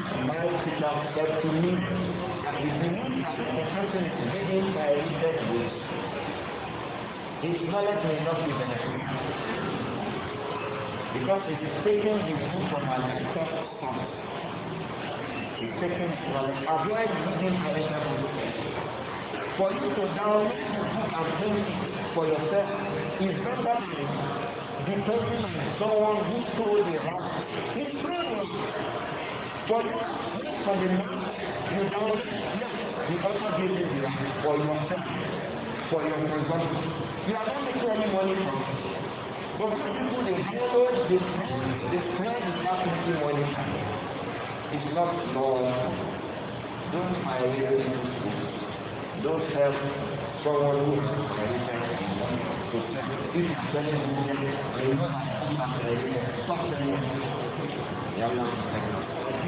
married teacher said to me, if you want something to be in by readed ways, his knowledge may not be beneficial. Because it is taken the food from an expert source. It's taking knowledge. Avoid reading Halacha For you to download the book and bring for yourself is better than depending on someone who told you but for the man you don't, you give it for yourself, for your consumption. You are not making any money from it. But people, they follow the trend, the trend is not making money from it. It's not normal. Don't hire people. Don't help someone who has created money to sell. If you sell it, you know that you have to stop You not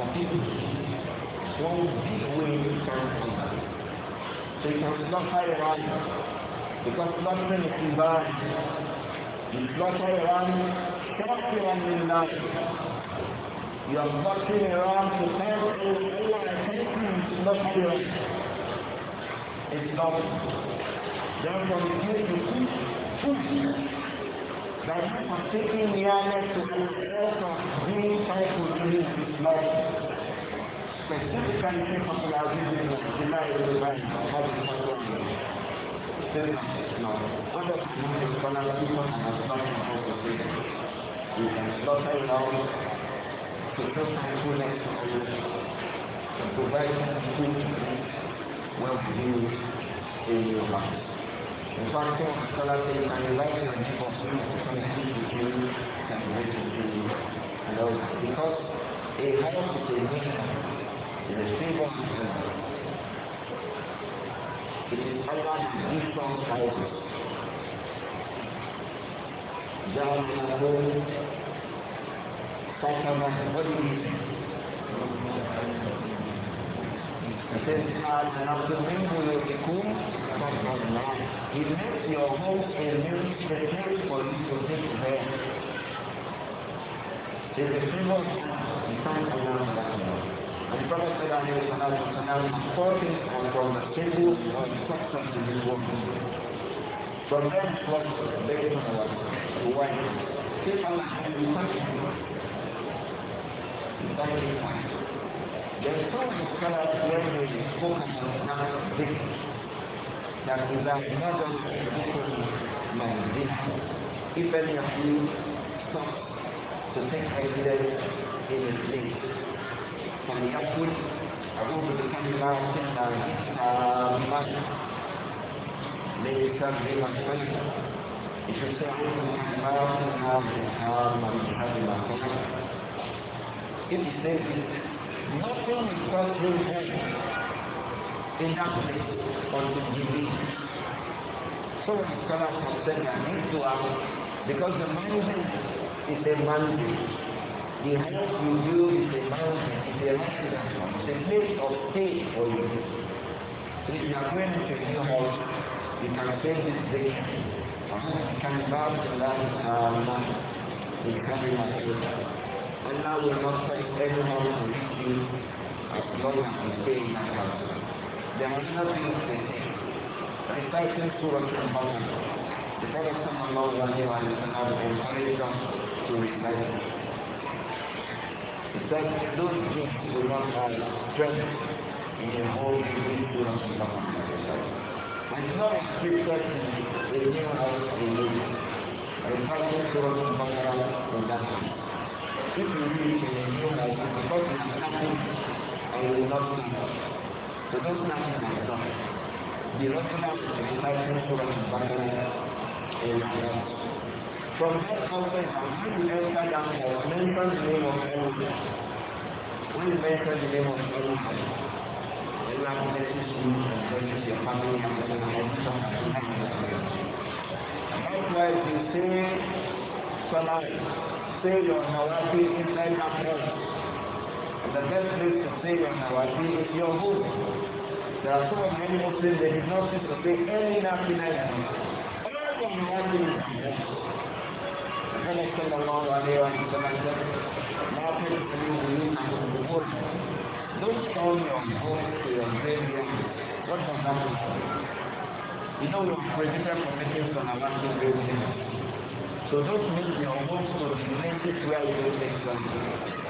for One big way to turn people. So you can not hierarchy because nothing is involved. not hierarchy. Nothing is involved. You are walking around to tell everyone attention to not hierarchy. It's not. Therefore, you need to push, push that taking nearness to God being thankful to Him is not specifically popularizing the denial of the No. What does it mean to follow people and can slaughter your to show thankfulness to others, to provide food to eat, well-being in your life. In fact, some scholars say you can invite your neighbor and sleep with you, can wait with you, and all that. Because a house is a nation, a stable system. It is Allah who gives us houses. جعل من الكون سكن وجهه فسبحان come He makes your home a very place for you to take prayer. There's a in time around that now. And the Prophet said, I will come out of the and from the table of substance in this woman. From them was the baby on the wife. Allah and you touch him. That is fine. There's so many scholars where they spoke about that will have not just my business. If any of you stop to take evidence in a place, can be helpful. أعوذ بك من الشيطان May it come in my faith. If you say, أعوذ بك من الشيطان الرجيم If you say this, nothing is called through heaven. in that place unto Jibreel. So the scholars have said that these two hours, because the mountain is a mountain, the house you do is a mountain, it's a mountain. it's a place of stay for you. So if you are going to a new house, you can say uh, this zikr. كان باب الله تعالى بكلمة Allah will not fight anyone who you as long as you stay in that house the original thing is the same. Reciting Surah Al-Baqarah, the Prophet sallallahu alayhi wa sallam encouraged us to recite it. He those things do not have strength in the whole living Surah al And it's not restricted to the new house religion. Reciting Surah Al-Baqarah for that If you read in the new house, because it's happening, I will not stand up. وتسمع من الإسلام برسمة الإسلام سورة البقرة الحرام From that context, I'm going to enter that or mention the name of Allah. When you mention the name of Allah, Allah will let you see and bless your family and your religion and your family. Likewise, you say, Salah, say your Nawafi inside that house. the best place to stay in our is your home. There are so many Muslims that did not seem to pay any napping the to you the Don't call your home to your baby. What does that mean? You know you're prohibited from on Sonamatu great things. So don't make your home to the places where you live not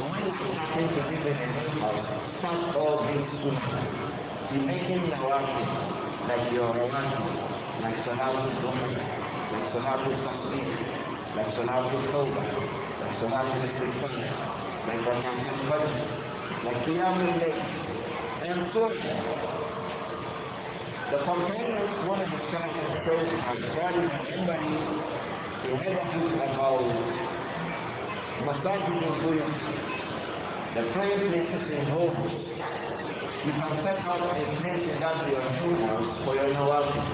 why is it to live in his house? Start all these sunnah. Be making nawafil, like your rawatib, like salatul dhuhr, like salatul tasbih, like salatul tawbah, like salatul istighfar, like rakatul fajr, like qiyamul layl, and so The companions, one of the the first, and Charlie and somebody, about Masajid is buyut. The prayer places in hope. You can set up a place in that your house for your nawazim.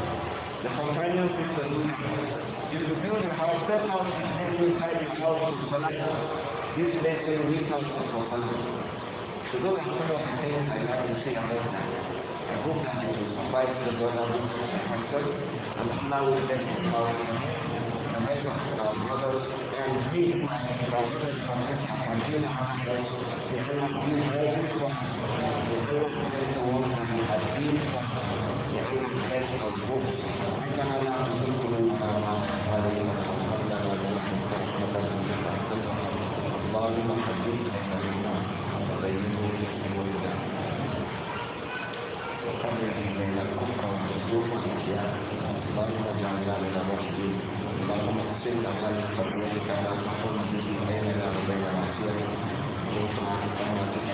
The companions is the If you build a house, set up a place inside your house to salat. This place we reach to So those are some of the things I like to say about that. I hope that it will suffice the brother and myself, and Allah will bless us all. And I our brothers اللهم اجعلنا من المحسنين اللهم en este, las de las de la nación,